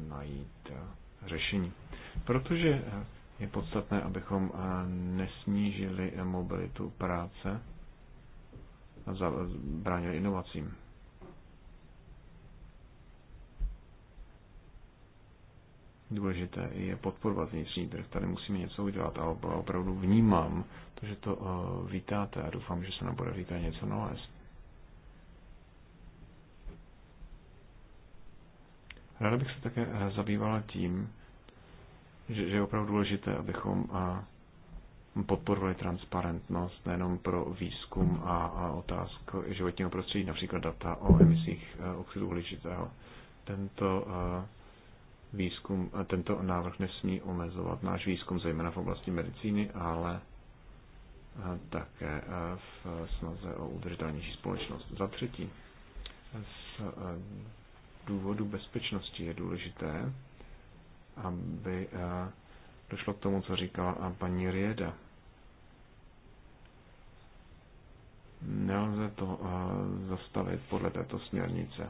najít řešení. Protože je podstatné, abychom nesnížili mobilitu práce a zabránili inovacím. důležité je podporovat vnitřní trh. Tady musíme něco udělat a opravdu vnímám to, že to eh, vítáte a doufám, že se nám podaří tady něco nalézt. Ráda bych se také eh, zabývala tím, že, že je opravdu důležité, abychom eh, podporovali transparentnost nejenom pro výzkum a, a otázku životního prostředí, například data o emisích oxidu uhličitého. Tento výzkum, tento návrh nesmí omezovat náš výzkum, zejména v oblasti medicíny, ale také v snaze o udržitelnější společnost. Za třetí, z důvodu bezpečnosti je důležité, aby došlo k tomu, co říkala paní Rieda. Nelze to zastavit podle této směrnice.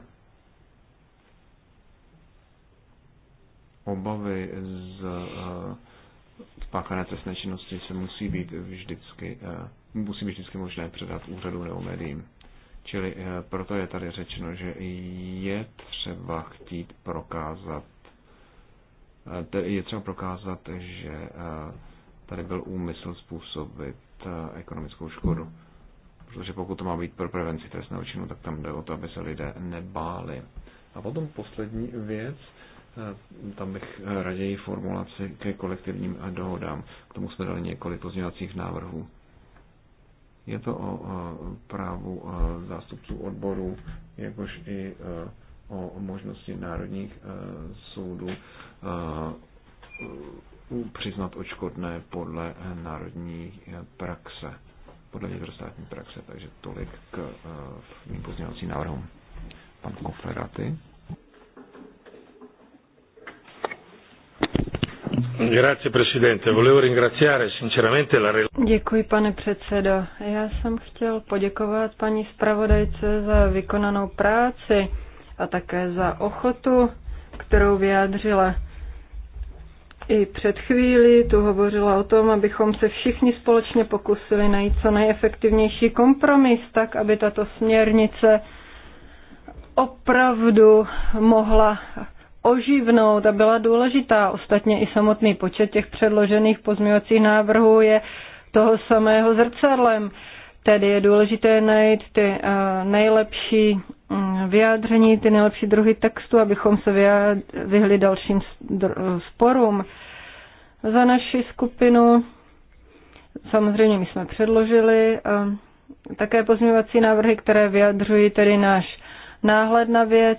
obavy z eh, spáchané trestné činnosti se musí být vždycky, eh, musí být vždycky možné předat úřadu nebo médiím. Čili eh, proto je tady řečeno, že je třeba chtít prokázat, je třeba prokázat, že tady byl úmysl způsobit ekonomickou škodu. Protože pokud to má být pro prevenci trestného činu, tak tam jde o to, aby se lidé nebáli. A potom poslední věc, Eh, tam bych eh, raději formulaci ke kolektivním eh, dohodám. K tomu jsme dali několik pozměňovacích návrhů. Je to o právu zástupců odborů, jakož i o možnosti národních soudů přiznat očkodné podle národní praxe, podle vnitrostátní praxe. Takže tolik k mým pozměňovacím návrhům. Pan Koferaty. Děkuji, pane předsedo. Já jsem chtěl poděkovat paní zpravodajce za vykonanou práci a také za ochotu, kterou vyjádřila. I před chvílí tu hovořila o tom, abychom se všichni společně pokusili najít co nejefektivnější kompromis, tak aby tato směrnice opravdu mohla oživnout a byla důležitá. Ostatně i samotný počet těch předložených pozměňovacích návrhů je toho samého zrcadlem. Tedy je důležité najít ty eh, nejlepší mm, vyjádření, ty nejlepší druhy textu, abychom se vyhli dalším sporům. Za naši skupinu samozřejmě my jsme předložili eh, také pozměňovací návrhy, které vyjadřují tedy náš náhled na věc,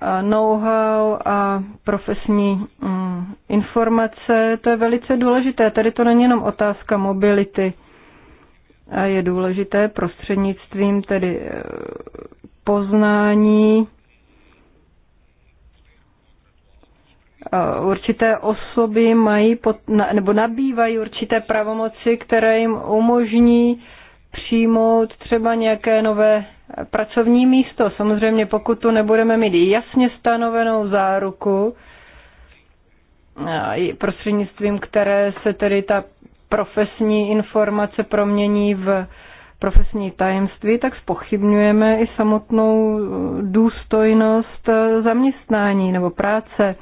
know-how a profesní mm, informace, to je velice důležité. Tady to není jenom otázka mobility. A je důležité prostřednictvím tedy e, poznání určité osoby mají pod, nebo nabývají určité pravomoci, které jim umožní přijmout třeba nějaké nové pracovní místo. Samozřejmě pokud tu nebudeme mít jasně stanovenou záruku, prostřednictvím které se tedy ta profesní informace promění v profesní tajemství, tak spochybňujeme i samotnou uh, důstojnost uh, zaměstnání nebo práce.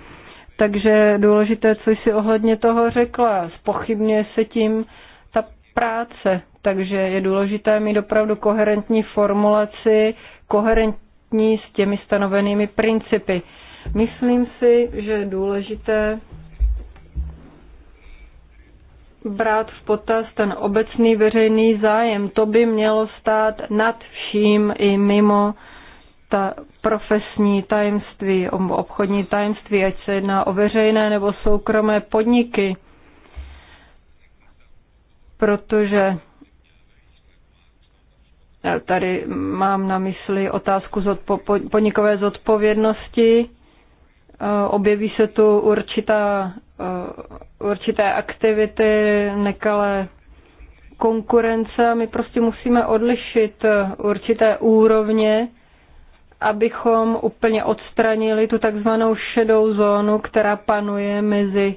Takže důležité, co jsi ohledně toho řekla, spochybňuje se tím ta práce, takže je důležité mít opravdu koherentní formulaci, koherentní s těmi stanovenými principy. Myslím si, že je důležité brát v potaz ten obecný veřejný zájem. To by mělo stát nad vším i mimo ta profesní tajemství, obchodní tajemství, ať se jedná o veřejné nebo soukromé podniky, protože Tady mám na mysli otázku zodpo- podnikové zodpovědnosti. Eh, objeví se tu určitá, eh, určité aktivity, nekalé konkurence. My prostě musíme odlišit eh, určité úrovně, abychom úplně odstranili tu takzvanou šedou zónu, která panuje mezi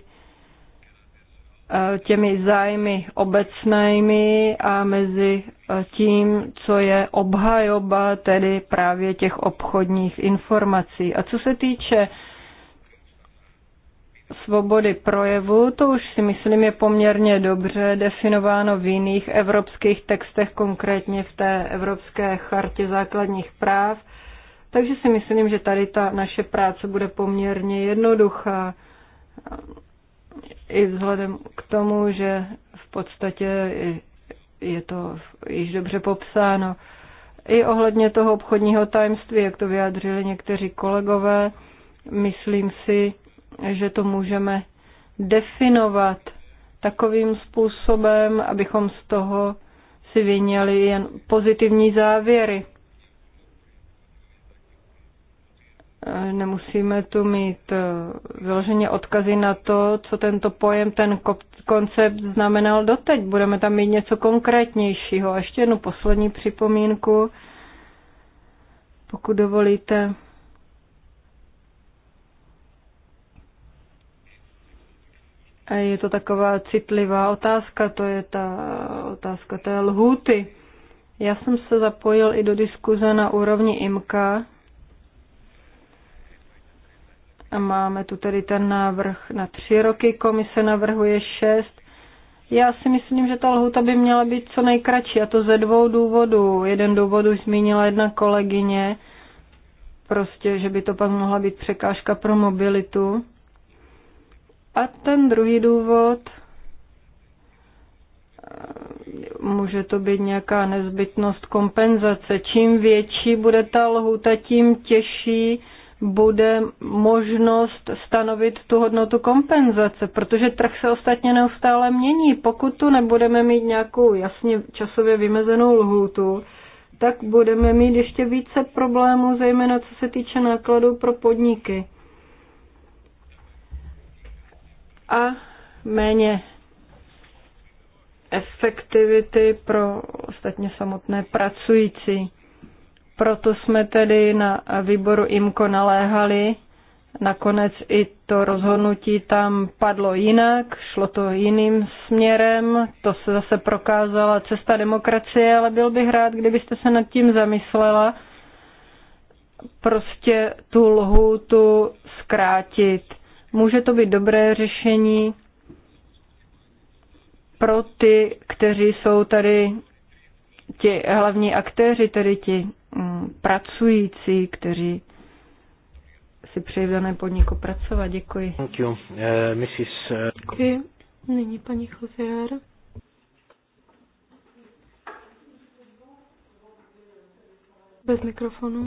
Eh, těmi zájmy obecnými a mezi eh, tím, co je obhajoba, tedy právě těch obchodních informací. A co se týče svobody projevu, to už si myslím je poměrně dobře definováno v jiných evropských textech, konkrétně v té Evropské chartě základních práv. Takže si myslím, že tady ta naše práce bude poměrně jednoduchá i vzhledem k tomu, že v podstatě je to již dobře popsáno, i ohledně toho obchodního tajemství, jak to vyjádřili někteří kolegové, myslím si, že to můžeme definovat takovým způsobem, abychom z toho si vyněli jen pozitivní závěry. Nemusíme tu mít eh, vyloženě odkazy na to, co tento pojem, ten koncept znamenal doteď. Budeme tam mít něco konkrétnějšího. A ještě jednu poslední připomínku, pokud dovolíte. Je to taková citlivá otázka, to je ta otázka té lhůty. Já jsem se zapojil i do diskuze na úrovni IMKA, Máme tu tedy ten návrh na tři roky, komise navrhuje šest. Já si myslím, že ta lhuta by měla být co nejkratší, a to ze dvou důvodů. Jeden důvod už zmínila jedna kolegyně, prostě, že by to pak mohla být překážka pro mobilitu. A ten druhý důvod, může to být nějaká nezbytnost kompenzace. Čím větší bude ta lhuta, tím těžší bude možnost stanovit tu hodnotu kompenzace, protože trh se ostatně neustále mění. Pokud tu nebudeme mít nějakou jasně časově vymezenou lhůtu, tak budeme mít ještě více problémů, zejména co se týče nákladů pro podniky. A méně efektivity pro ostatně samotné pracující. Proto jsme tedy na výboru IMKO naléhali. Nakonec i to rozhodnutí tam padlo jinak, šlo to jiným směrem, to se zase prokázala cesta demokracie, ale byl bych rád, kdybyste se nad tím zamyslela, prostě tu lhůtu zkrátit. Může to být dobré řešení pro ty, kteří jsou tady ti hlavní aktéři, tedy ti Mm, pracující, kteří si přeji v daném podniku pracovat. Děkuji. Thank you. Uh, Mrs. Uh, děkuji. Nyní paní Choziár. Bez mikrofonu.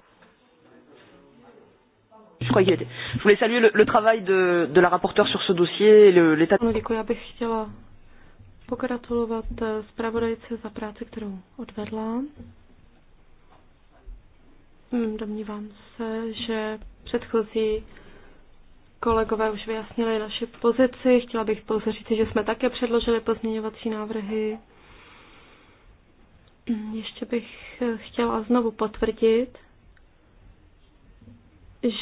Je voulais saluer le, travail de, de la rapporteure sur ce dossier et l'état. No, děkuji, já bych chtěla pogratulovat eh, zpravodajce za práci, kterou odvedla. Hm, domnívám se, že předchozí kolegové už vyjasnili naše pozici. Chtěla bych pouze říct, že jsme také předložili pozměňovací návrhy. Hm, ještě bych chtěla znovu potvrdit,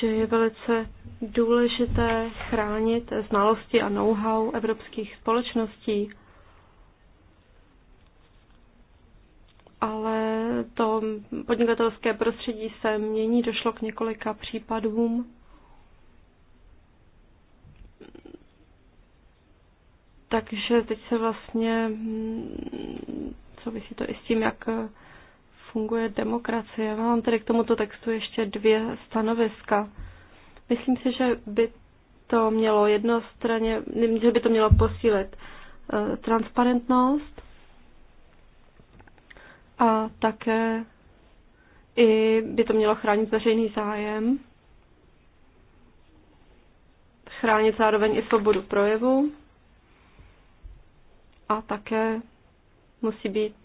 že je velice důležité chránit znalosti a know-how evropských společností. ale to podnikatelské prostředí se mění, došlo k několika případům. Takže teď se vlastně hm, souvisí to i s tím, jak funguje demokracie. Mám tady k tomuto textu ještě dvě stanoviska. Myslím si, že by to mělo jednostranně, že by to mělo posílit eh, transparentnost a také i by to mělo chránit veřejný zájem, chránit zároveň i svobodu projevu a také musí být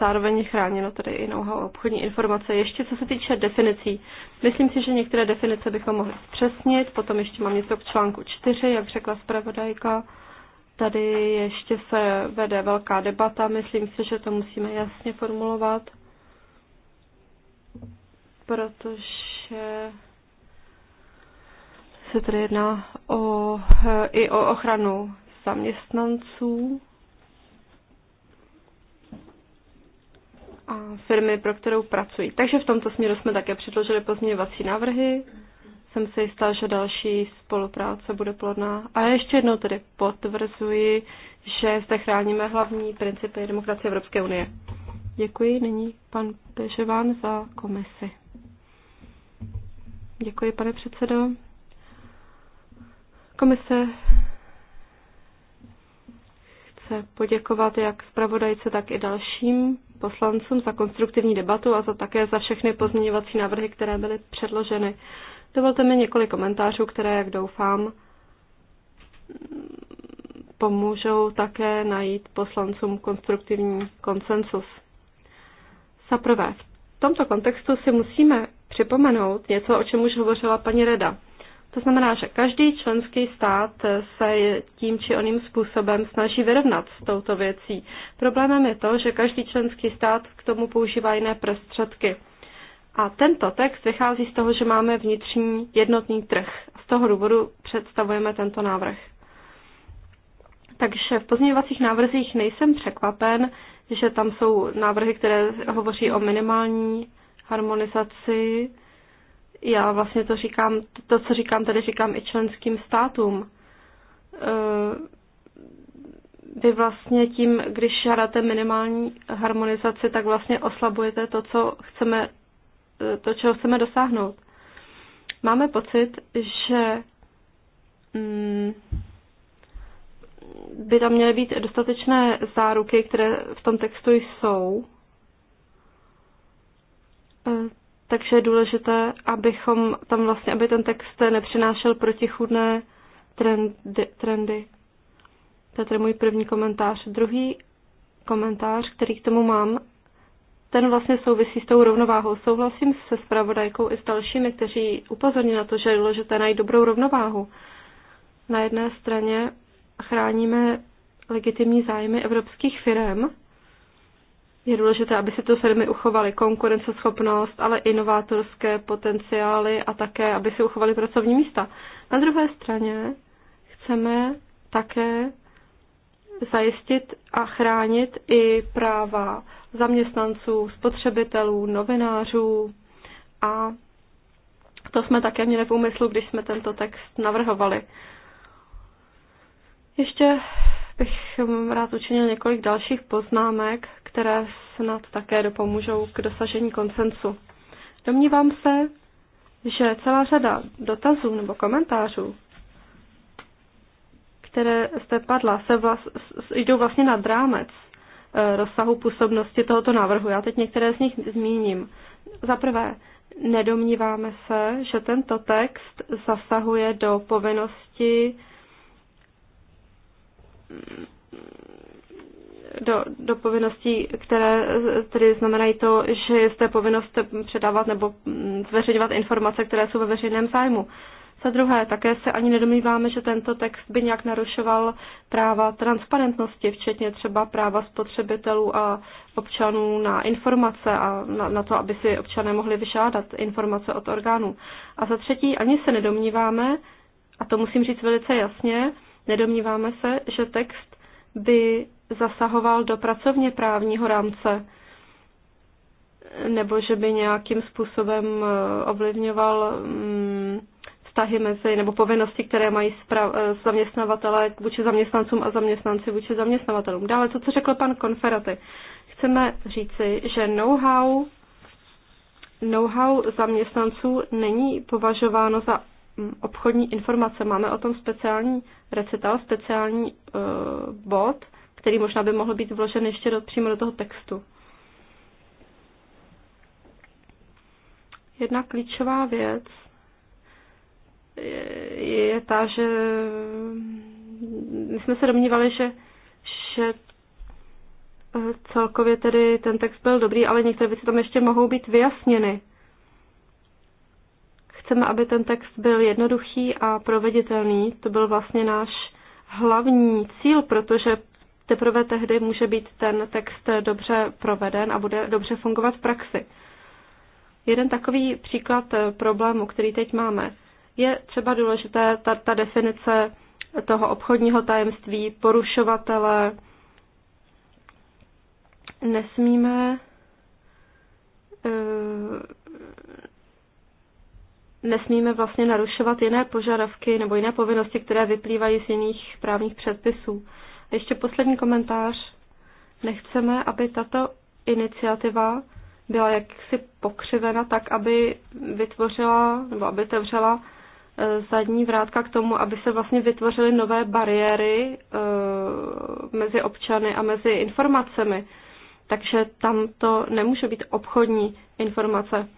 zároveň chráněno tedy i nouha obchodní informace. Ještě co se týče definicí, myslím si, že některé definice bychom mohli zpřesnit, potom ještě mám něco k článku 4, jak řekla zpravodajka. Tady ještě se vede velká debata, myslím si, že to musíme jasně formulovat, protože se tady jedná o, i o ochranu zaměstnanců a firmy, pro kterou pracují. Takže v tomto směru jsme také předložili pozměňovací návrhy jsem se jistá, že další spolupráce bude plodná. A ještě jednou tedy potvrzuji, že zde chráníme hlavní principy demokracie Evropské unie. Děkuji nyní pan Pežován za komisi. Děkuji, pane předsedo. Komise chce poděkovat jak zpravodajce, tak i dalším poslancům za konstruktivní debatu a za také za všechny pozměňovací návrhy, které byly předloženy. Dovolte mi několik komentářů, které, jak doufám, pomůžou také najít poslancům konstruktivní konsensus. Za prvé, v tomto kontextu si musíme připomenout něco, o čem už hovořila paní Reda. To znamená, že každý členský stát se tím či oným způsobem snaží vyrovnat s touto věcí. Problémem je to, že každý členský stát k tomu používá jiné prostředky. A tento text vychází z toho, že máme vnitřní jednotný trh. Z toho důvodu představujeme tento návrh. Takže v pozměňovacích návrzích nejsem překvapen, že tam jsou návrhy, které hovoří o minimální harmonizaci. Já vlastně to říkám, to, co říkám, tady říkám i členským státům. E, vy vlastně tím, když žádáte minimální harmonizaci, tak vlastně oslabujete to, co chceme to, čeho chceme dosáhnout. Máme pocit, že mm, by tam měly být dostatečné záruky, které v tom textu jsou. E, takže je důležité, abychom tam vlastně, aby ten text nepřinášel protichůdné trendy. trendy. To je tedy můj první komentář. Druhý komentář, který k tomu mám, ten vlastně souvisí s tou rovnováhou. Souhlasím se spravodajkou i s dalšími, kteří upozorní na to, že je důležité najít dobrou rovnováhu. Na jedné straně chráníme legitimní zájmy evropských firm. Je důležité, aby si to firmy uchovaly konkurenceschopnost, ale inovátorské potenciály a také, aby si uchovaly pracovní místa. Na druhé straně chceme také zajistit a chránit i práva zaměstnanců, spotřebitelů, novinářů a to jsme také měli v úmyslu, když jsme tento text navrhovali. Ještě bych rád učinil několik dalších poznámek, které snad také dopomůžou k dosažení koncensu. Domnívám se, že celá řada dotazů nebo komentářů, které jste padla, se vlast, jdou vlastně nad rámec eh, rozsahu působnosti tohoto návrhu. Já teď některé z nich zmíním. Za prvé, nedomníváme se, že tento text zasahuje do povinnosti do, do povinností, které tedy znamenají to, že jste povinnost předávat nebo zveřejňovat informace, které jsou ve veřejném zájmu. Za druhé, také se ani nedomýváme, že tento text by nějak narušoval práva transparentnosti, včetně třeba práva spotřebitelů a občanů na informace a na, na to, aby si občané mohli vyžádat informace od orgánů. A za třetí, ani se nedomníváme, a to musím říct velice jasně, nedomníváme se, že text by zasahoval do pracovně právního rámce nebo že by nějakým způsobem eh, ovlivňoval mm, vztahy mezi, nebo povinnosti, které mají eh, zaměstnavatele vůči zaměstnancům a zaměstnanci vůči zaměstnavatelům. Dále to, co řekl pan Konferaty. Chceme říci, že know-how know-how zaměstnanců není považováno za mm, obchodní informace. Máme o tom speciální recital, speciální uh, bod, který možná by mohl být vložen ještě do, přímo do toho textu. Jedna klíčová věc, je ta, že my jsme se domnívali, že, že eh, celkově tedy ten text byl dobrý, ale některé věci tam ještě mohou být vyjasněny. Chceme, aby ten text byl jednoduchý a proveditelný. To byl vlastně náš hlavní cíl, protože teprve tehdy může být ten text dobře proveden a bude dobře fungovat v praxi. Jeden takový příklad problému, který teď máme, je třeba důležité ta, ta definice toho obchodního tajemství, porušovatele. Nesmíme eh, nesmíme vlastně narušovat jiné požadavky nebo jiné povinnosti, které vyplývají z jiných právních předpisů. A ještě poslední komentář. Nechceme, aby tato iniciativa byla jaksi pokřivena tak, aby vytvořila nebo aby otevřela Eh, zadní vrátka k tomu, aby se vlastně vytvořily nové bariéry eh, mezi občany a mezi informacemi. Takže tam to nemůže být obchodní informace.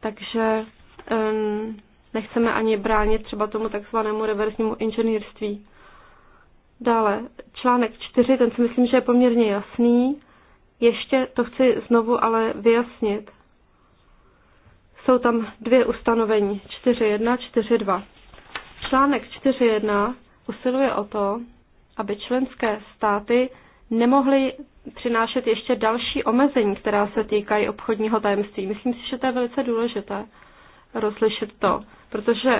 Takže nechceme ani bránit třeba tomu takzvanému reverznímu inženýrství. Dále, článek 4, ten si myslím, že je poměrně jasný. Ještě to chci znovu ale vyjasnit. Jsou tam dvě ustanovení, 4.1, 4.2. Článek 4.1 usiluje o to, aby členské státy nemohly přinášet ještě další omezení, která se týkají obchodního tajemství. Myslím si, že to je velice důležité rozlišit to, protože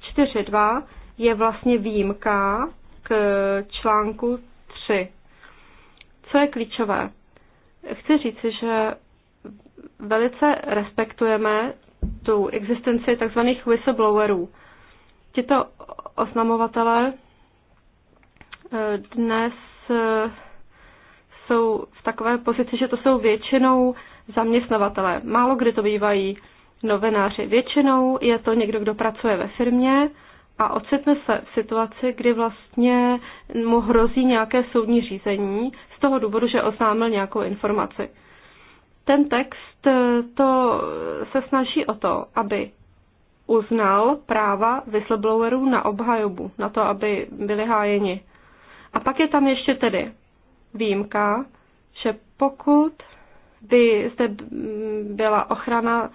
4.2 je vlastně výjimka k článku 3. Co je klíčové? Chci říci, že velice respektujeme tu existenci tzv. whistleblowerů. Tito oznamovatelé eh, dnes eh, jsou v takové pozici, že to jsou většinou zaměstnavatele. Málo kdy to bývají novináři. Většinou je to někdo, kdo pracuje ve firmě a ocitne se v situaci, kdy vlastně mu hrozí nějaké soudní řízení z toho důvodu, že oznámil nějakou informaci. Ten text eh, to se snaží o to, aby uznal práva whistleblowerů na obhajobu, na to, aby byli hájeni. A pak je tam ještě tedy výjimka, že pokud by zde byla ochrana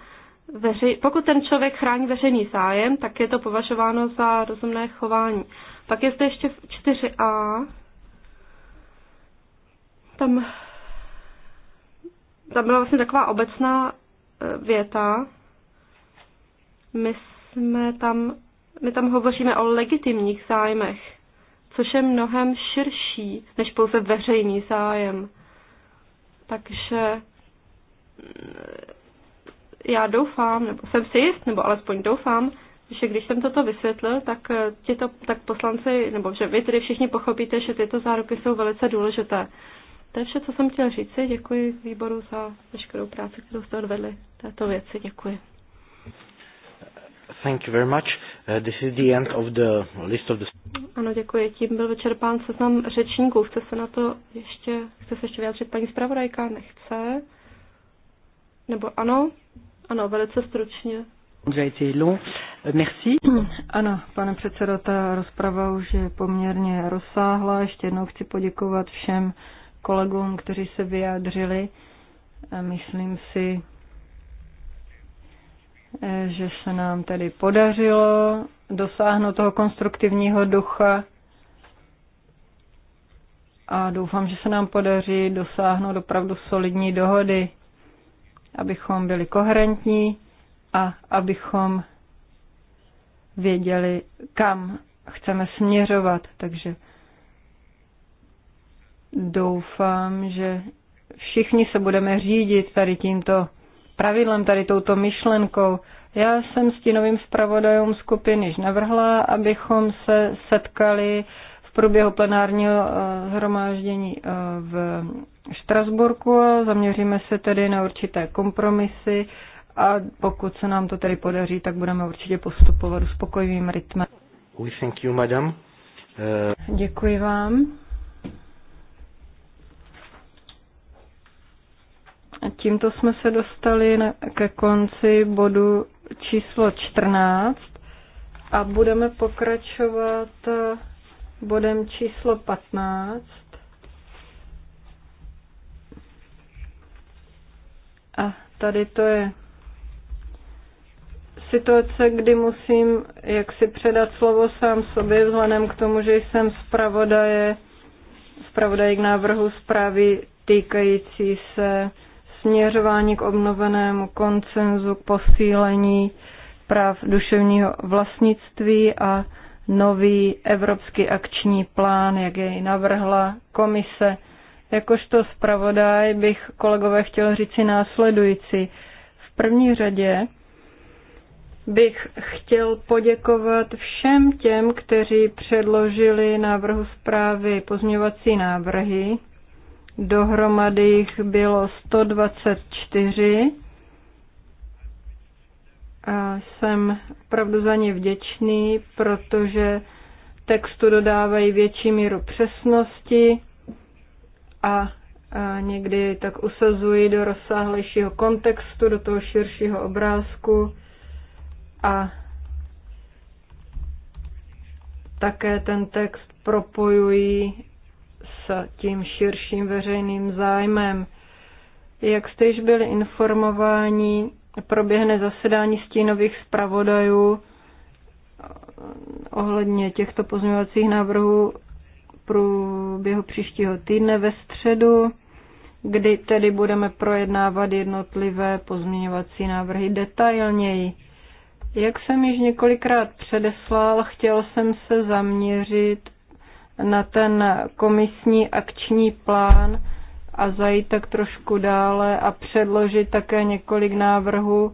veři, pokud ten člověk chrání veřejný zájem, tak je to považováno za rozumné chování. Pak je zde ještě 4a. Tam tam byla vlastně taková obecná e, věta. My jsme tam, my tam hovoříme o legitimních zájmech, což je mnohem širší než pouze veřejný zájem. Takže mm, já doufám, nebo jsem si jist, nebo alespoň doufám, že když jsem toto vysvětlil, tak, e, tyto, tak poslanci, nebo že vy tedy všichni pochopíte, že tyto záruky jsou velice důležité. To je vše, co jsem chtěl říct. Děkuji výboru za veškerou práci, kterou jste odvedli této věci. Děkuji. Thank you very much. Uh, this is the end of the list of the... Ano, děkuji. Tím byl vyčerpán seznam řečníků. Chce se na to ještě, chce se ještě vyjádřit paní zpravodajka? Nechce. Nebo ano? Ano, velice stručně. Merci. (clears throat) Ano, pane předsedo, ta rozprava už je poměrně rozsáhla. Ještě jednou chci poděkovat všem kolegům, kteří se vyjádřili. Myslím si, eh, že se nám tady podařilo dosáhnout toho konstruktivního ducha a doufám, že se nám podaří dosáhnout opravdu solidní dohody, abychom byli koherentní a abychom věděli, kam chceme směřovat. Takže Doufám, že všichni se budeme řídit tady tímto pravidlem, tady touto myšlenkou. Já jsem s tím zpravodajům skupiny již navrhla, abychom se setkali v průběhu plenárního zhromáždění eh, eh, v Štrasburku a zaměříme se tedy na určité kompromisy a pokud se nám to tedy podaří, tak budeme určitě postupovat uspokojivým rytmem. We thank you, madam. Uh... Děkuji vám. Tímto jsme se dostali ke konci bodu číslo 14 a budeme pokračovat eh, bodem číslo 15. A tady to je situace, kdy musím jak si předat slovo sám sobě, vzhledem k tomu, že jsem zpravodaje, zpravodaj k návrhu zprávy týkající se směřování k obnovenému koncenzu, k posílení práv duševního vlastnictví a nový evropský akční plán, jak jej navrhla komise. Jakožto zpravodaj bych kolegové chtěl říci následující. V první řadě bych chtěl poděkovat všem těm, kteří předložili návrhu zprávy pozměvací návrhy. Dohromady jich bylo 124. A jsem opravdu za ně vděčný, protože textu dodávají větší míru přesnosti a, a někdy tak usazují do rozsáhlejšího kontextu, do toho širšího obrázku a také ten text propojují s tím širším veřejným zájmem. Jak jste již byli informováni, proběhne zasedání stínových zpravodajů eh, ohledně těchto pozměňovacích návrhů průběhu příštího týdne ve středu, kdy tedy budeme projednávat jednotlivé pozměňovací návrhy detailněji. Jak jsem již několikrát předeslal, chtěl jsem se zaměřit na ten komisní akční plán a zajít tak trošku dále a předložit také několik návrhů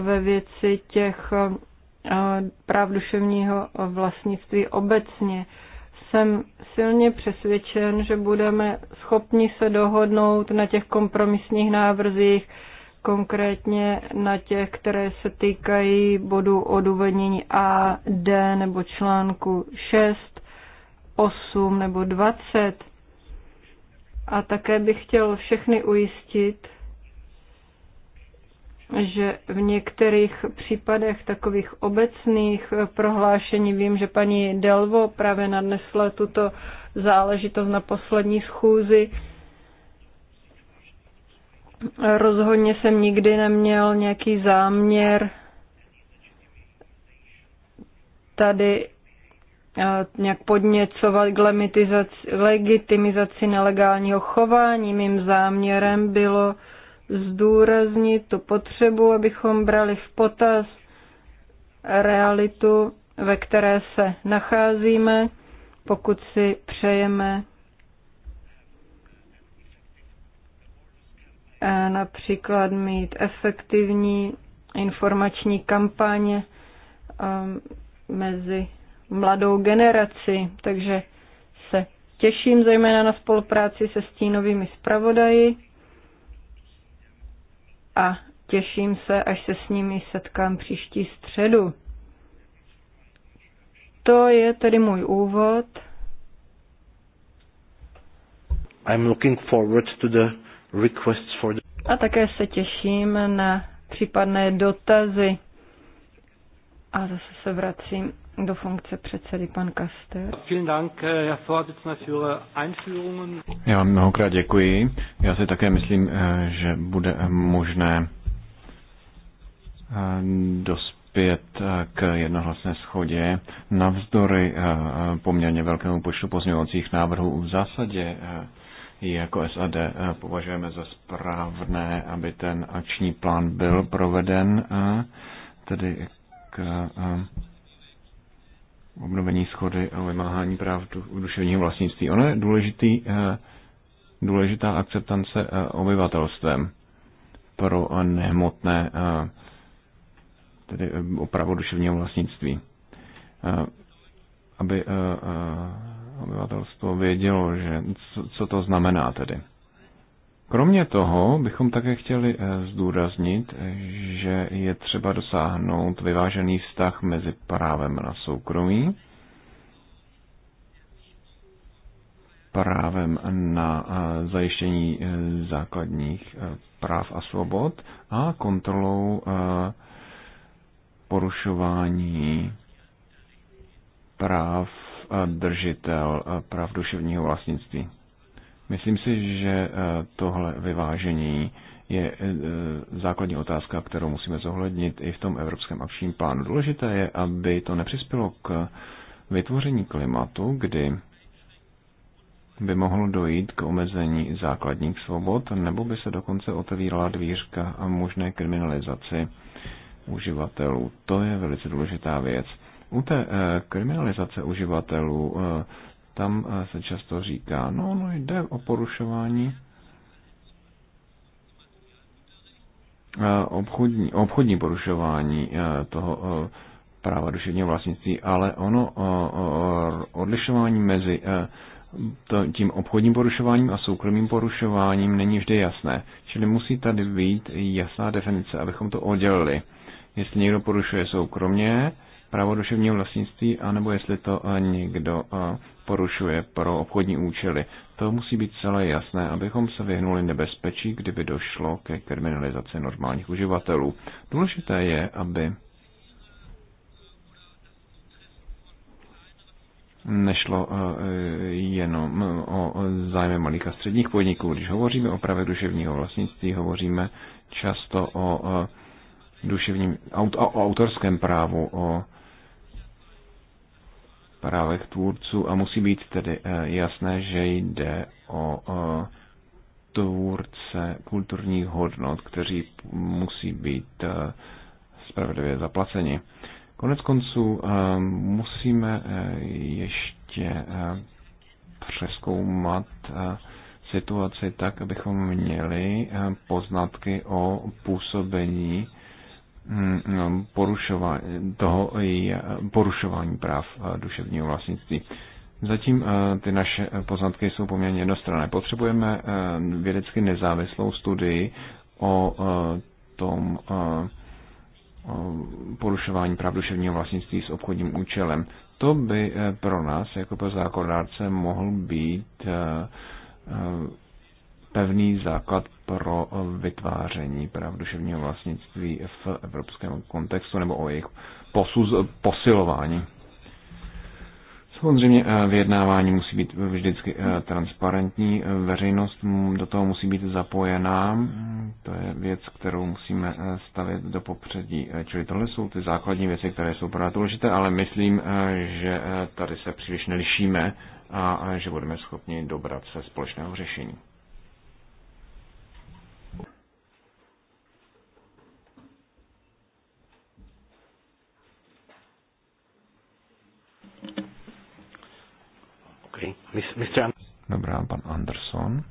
ve věci těch eh, práv duševního vlastnictví obecně. Jsem silně přesvědčen, že budeme schopni se dohodnout na těch kompromisních návrzích, konkrétně na těch, které se týkají bodu odůvodnění A, D nebo článku 6 8 nebo 20. A také bych chtěl všechny ujistit, že v některých případech takových obecných prohlášení vím, že paní Delvo právě nadnesla tuto záležitost na poslední schůzi. Rozhodně jsem nikdy neměl nějaký záměr tady Eh, nějak podněcovat k legitimizaci nelegálního chování. Mým záměrem bylo zdůraznit tu potřebu, abychom brali v potaz realitu, ve které se nacházíme, pokud si přejeme eh, například mít efektivní informační kampaně eh, mezi mladou generaci, takže se těším zejména na spolupráci se stínovými zpravodaji a těším se, až se s nimi setkám příští středu. To je tedy můj úvod. I'm looking forward to the requests for the... A také se těším na případné dotazy. A zase se vracím do funkce předsedy pan Kaster. Já vám mnohokrát děkuji. Já si také myslím, eh, že bude možné eh, dospět eh, k jednohlasné schodě. Navzdory poměrně velkému počtu pozměňovacích návrhů v zásadě i jako SAD považujeme za správné, aby ten akční plán byl proveden, tedy k obnovení schody a vymáhání práv duševního vlastnictví. Ono je důležitý, eh, důležitá akceptance eh, obyvatelstvem pro eh, nehmotné tedy opravu duševního vlastnictví. Aby obyvatelstvo vědělo, že co to znamená tedy. Kromě toho bychom také chtěli eh, zdůraznit, že je třeba dosáhnout vyvážený vztah mezi právem na soukromí, právem na eh, zajištění eh, základních práv a svobod a kontrolou porušování práv držitel práv duševního vlastnictví. Myslím si, že eh, tohle vyvážení je eh, základní otázka, kterou musíme zohlednit i v tom Evropském akčním plánu. Důležité je, aby to nepřispělo k vytvoření klimatu, kdy by mohlo dojít k omezení základních svobod, nebo by se dokonce otevírala dvířka a možné kriminalizaci uživatelů. To je velice důležitá věc. U té eh, kriminalizace uživatelů tam eh, se často říká, no, no jde o porušování eh, obchodní, obchodní porušování eh, toho práva duševního vlastnictví, ale ono odlišování mezi tím obchodním porušováním a soukromým porušováním není vždy jasné. Čili musí tady být jasná definice, abychom to oddělili. Jestli někdo porušuje soukromně právo duševního vlastnictví, anebo jestli to někdo porušuje pro obchodní účely. To musí být celé jasné, abychom se vyhnuli nebezpečí, kdyby došlo ke kriminalizaci normálních uživatelů. Důležité je, aby nešlo eh, jenom eh, o zájmy malých a středních podniků. Když hovoříme o právě duševního vlastnictví, hovoříme často o eh, duševním, o autorském právu, o právech tvůrců a musí být tedy eh, jasné, že jde o eh, tvůrce kulturních hodnot, kteří musí být eh, spravedlivě zaplaceni. Konec konců musíme ještě přeskoumat situaci tak, abychom měli poznatky o působení Mm, no, porušování, toho porušování práv eh, duševního vlastnictví. Zatím eh, ty naše poznatky jsou poměrně jednostranné. Potřebujeme eh, vědecky nezávislou studii o tom porušování práv duševního vlastnictví s obchodním účelem. To by pro nás jako pro zákonodárce mohl být pevný základ pro vytváření práv duševního vlastnictví v evropském kontextu nebo o jejich posuz, posilování. Samozřejmě eh, vyjednávání musí být vždycky eh, transparentní, veřejnost do toho musí být zapojená, to je věc, kterou musíme eh, stavět do popředí. Čili tohle jsou ty základní věci, které jsou pro nás důležité, ale myslím, že tady se příliš nelišíme a že budeme schopni dobrat se společného řešení. Okay. Mr. Dobrá, pan Anderson.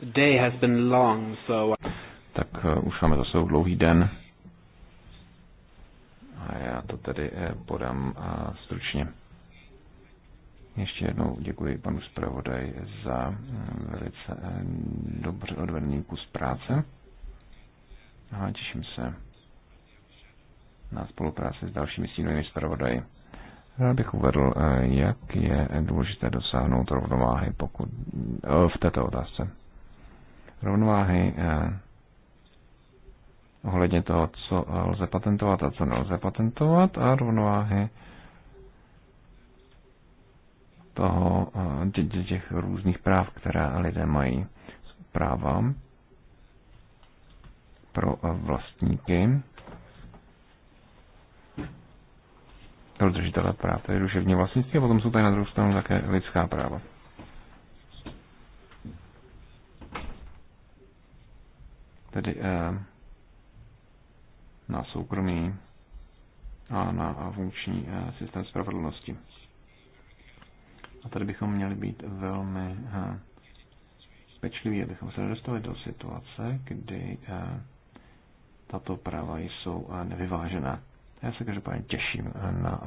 The day has been long, so... Uh, tak uh, už máme zase dlouhý den. A já to tedy eh, podám uh, stručně. Ještě jednou děkuji panu zpravodaj za mm, velice eh, dobře odvedený kus práce a těším se na spolupráci s dalšími stínovými zpravodaji. Rád bych uvedl, eh, jak je důležité dosáhnout rovnováhy pokud, eh, v této otázce. Rovnováhy ohledně toho, co lze patentovat a co nelze patentovat a rovnováhy toho, eh, těch různých práv, která lidé mají. Práva pro eh, vlastníky, pro držitele práv, tedy duševní vlastnictví, a potom jsou tady na druhou stranu také lidská práva. Tedy eh, na soukromí a na funkční systém spravedlnosti. A tady bychom měli být velmi eh, pečliví, abychom se nedostali do situace, kdy eh, tato práva jsou eh, nevyvážená. Já se každopádně těším na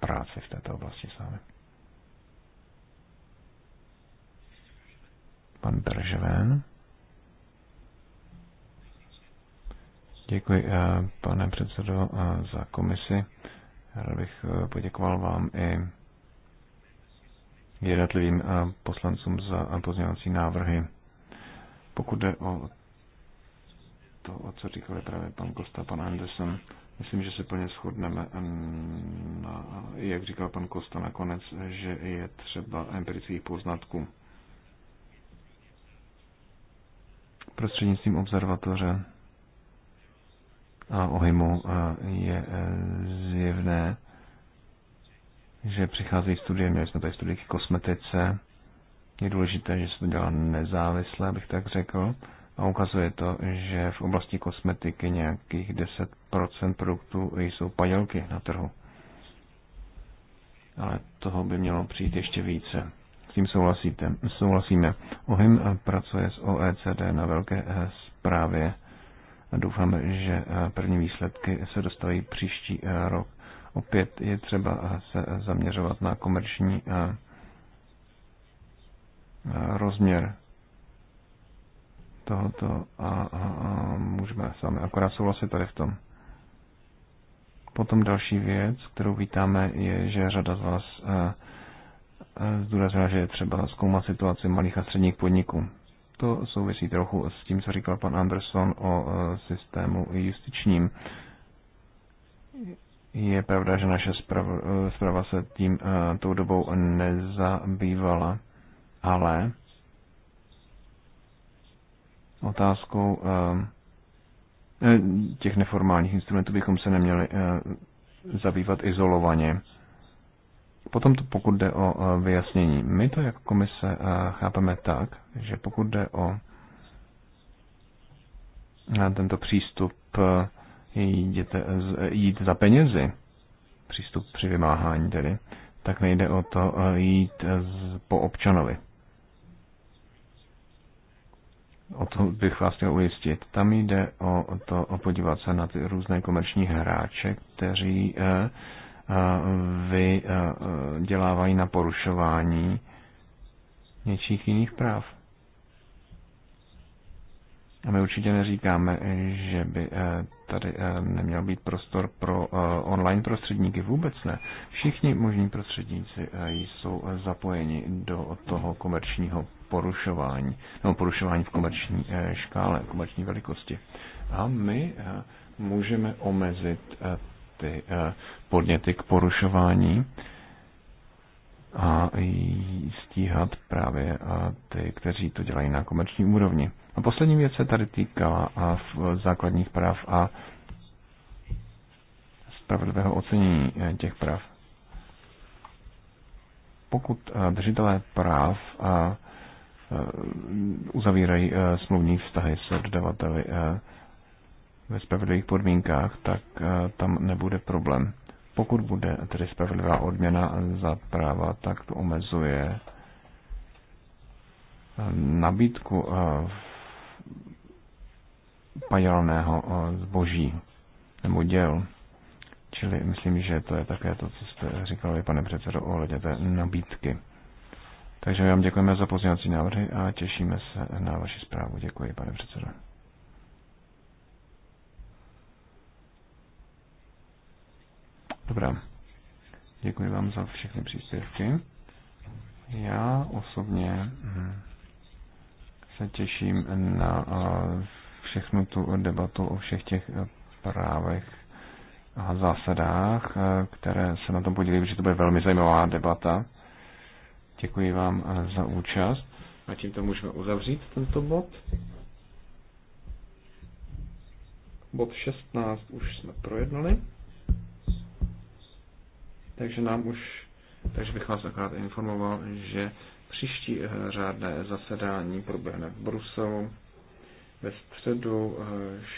práci v této oblasti s vámi. Pan Berževén. Děkuji, pane předsedo, za komisi. Rád bych poděkoval vám i jednotlivým eh, poslancům za pozměňovací návrhy. Pokud jde o to, o co říkal právě pan Kosta, pan Anderson, myslím, že se plně shodneme, eh, na, jak říkal pan Kosta nakonec, že je třeba empirických poznatků. Prostřednictvím observatoře a ohymu eh, je zjevné, že přicházejí studie, měli jsme tady studie k kosmetice, je důležité, že se to dělá nezávisle, abych tak řekl, a ukazuje to, že v oblasti kosmetiky nějakých 10% produktů jsou padělky na trhu. Ale toho by mělo přijít ještě více. S tím souhlasíte. souhlasíme. OHIM pracuje s OECD na velké eh, zprávě a že eh, první výsledky se dostaví příští eh, rok Opět je třeba eh, se eh, zaměřovat na komerční eh, rozměr tohoto a, a, a můžeme sami akorát souhlasit tady v tom. Potom další věc, kterou vítáme, je, že řada z vás zdůraznila, že je třeba zkoumat situaci malých a středních podniků. To souvisí trochu s tím, co říkal pan Anderson o systému justičním. Je pravda, že naše eh, zpráva se tím uh, tou dobou nezabývala, ale otázkou uh, těch neformálních instrumentů bychom se neměli uh, zabývat izolovaně. Potom to pokud jde o uh, vyjasnění. My to jako komise uh, chápeme tak, že pokud jde o uh, tento přístup uh, jít, jít za penězi, přístup při vymáhání tedy, tak nejde o to eh, jít eh, po občanovi. O to bych vás chtěl ujistit. Tam jde o to o podívat se na ty různé komerční hráče, kteří eh, vydělávají na porušování něčích jiných práv. A my určitě neříkáme, eh, že by eh, tady eh, neměl být prostor pro online prostředníky, vůbec ne. Všichni možní prostředníci jsou zapojeni do toho komerčního porušování, nebo porušování v komerční škále, komerční velikosti. A my můžeme omezit ty podněty k porušování a stíhat právě ty, kteří to dělají na komerční úrovni. A poslední věc se tady týká a v základních práv a spravedlivého ocenění eh, těch práv. Pokud eh, držitelé práv a eh, uzavírají smluvní vztahy se dodavateli ve spravedlivých podmínkách, tak tam nebude problém. Pokud bude tedy spravedlivá odměna za práva, tak to omezuje nabídku v padělaného eh, zboží nebo děl. Čili myslím, že to je také to, co jste říkal vy, pane předsedo, ohledně té nabídky. Takže vám děkujeme za pozměňovací návrhy a těšíme se na vaši zprávu. Děkuji, pane předsedo. Dobrá. Děkuji vám za všechny příspěvky. Já osobně hm, se těším na eh, všechnu tu debatu o všech těch eh, právech a zásadách, eh, které se na tom podílí, protože to bude velmi zajímavá debata. Děkuji vám eh, za účast. A tímto můžeme uzavřít tento bod. Bod 16 už jsme projednali. Takže nám už, takže bych vás akorát informoval, že příští řádné zasedání proběhne v Bruselu ve středu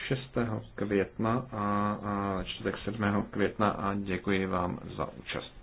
6. Eh, května a čtvrtek 7. května a děkuji vám za účast.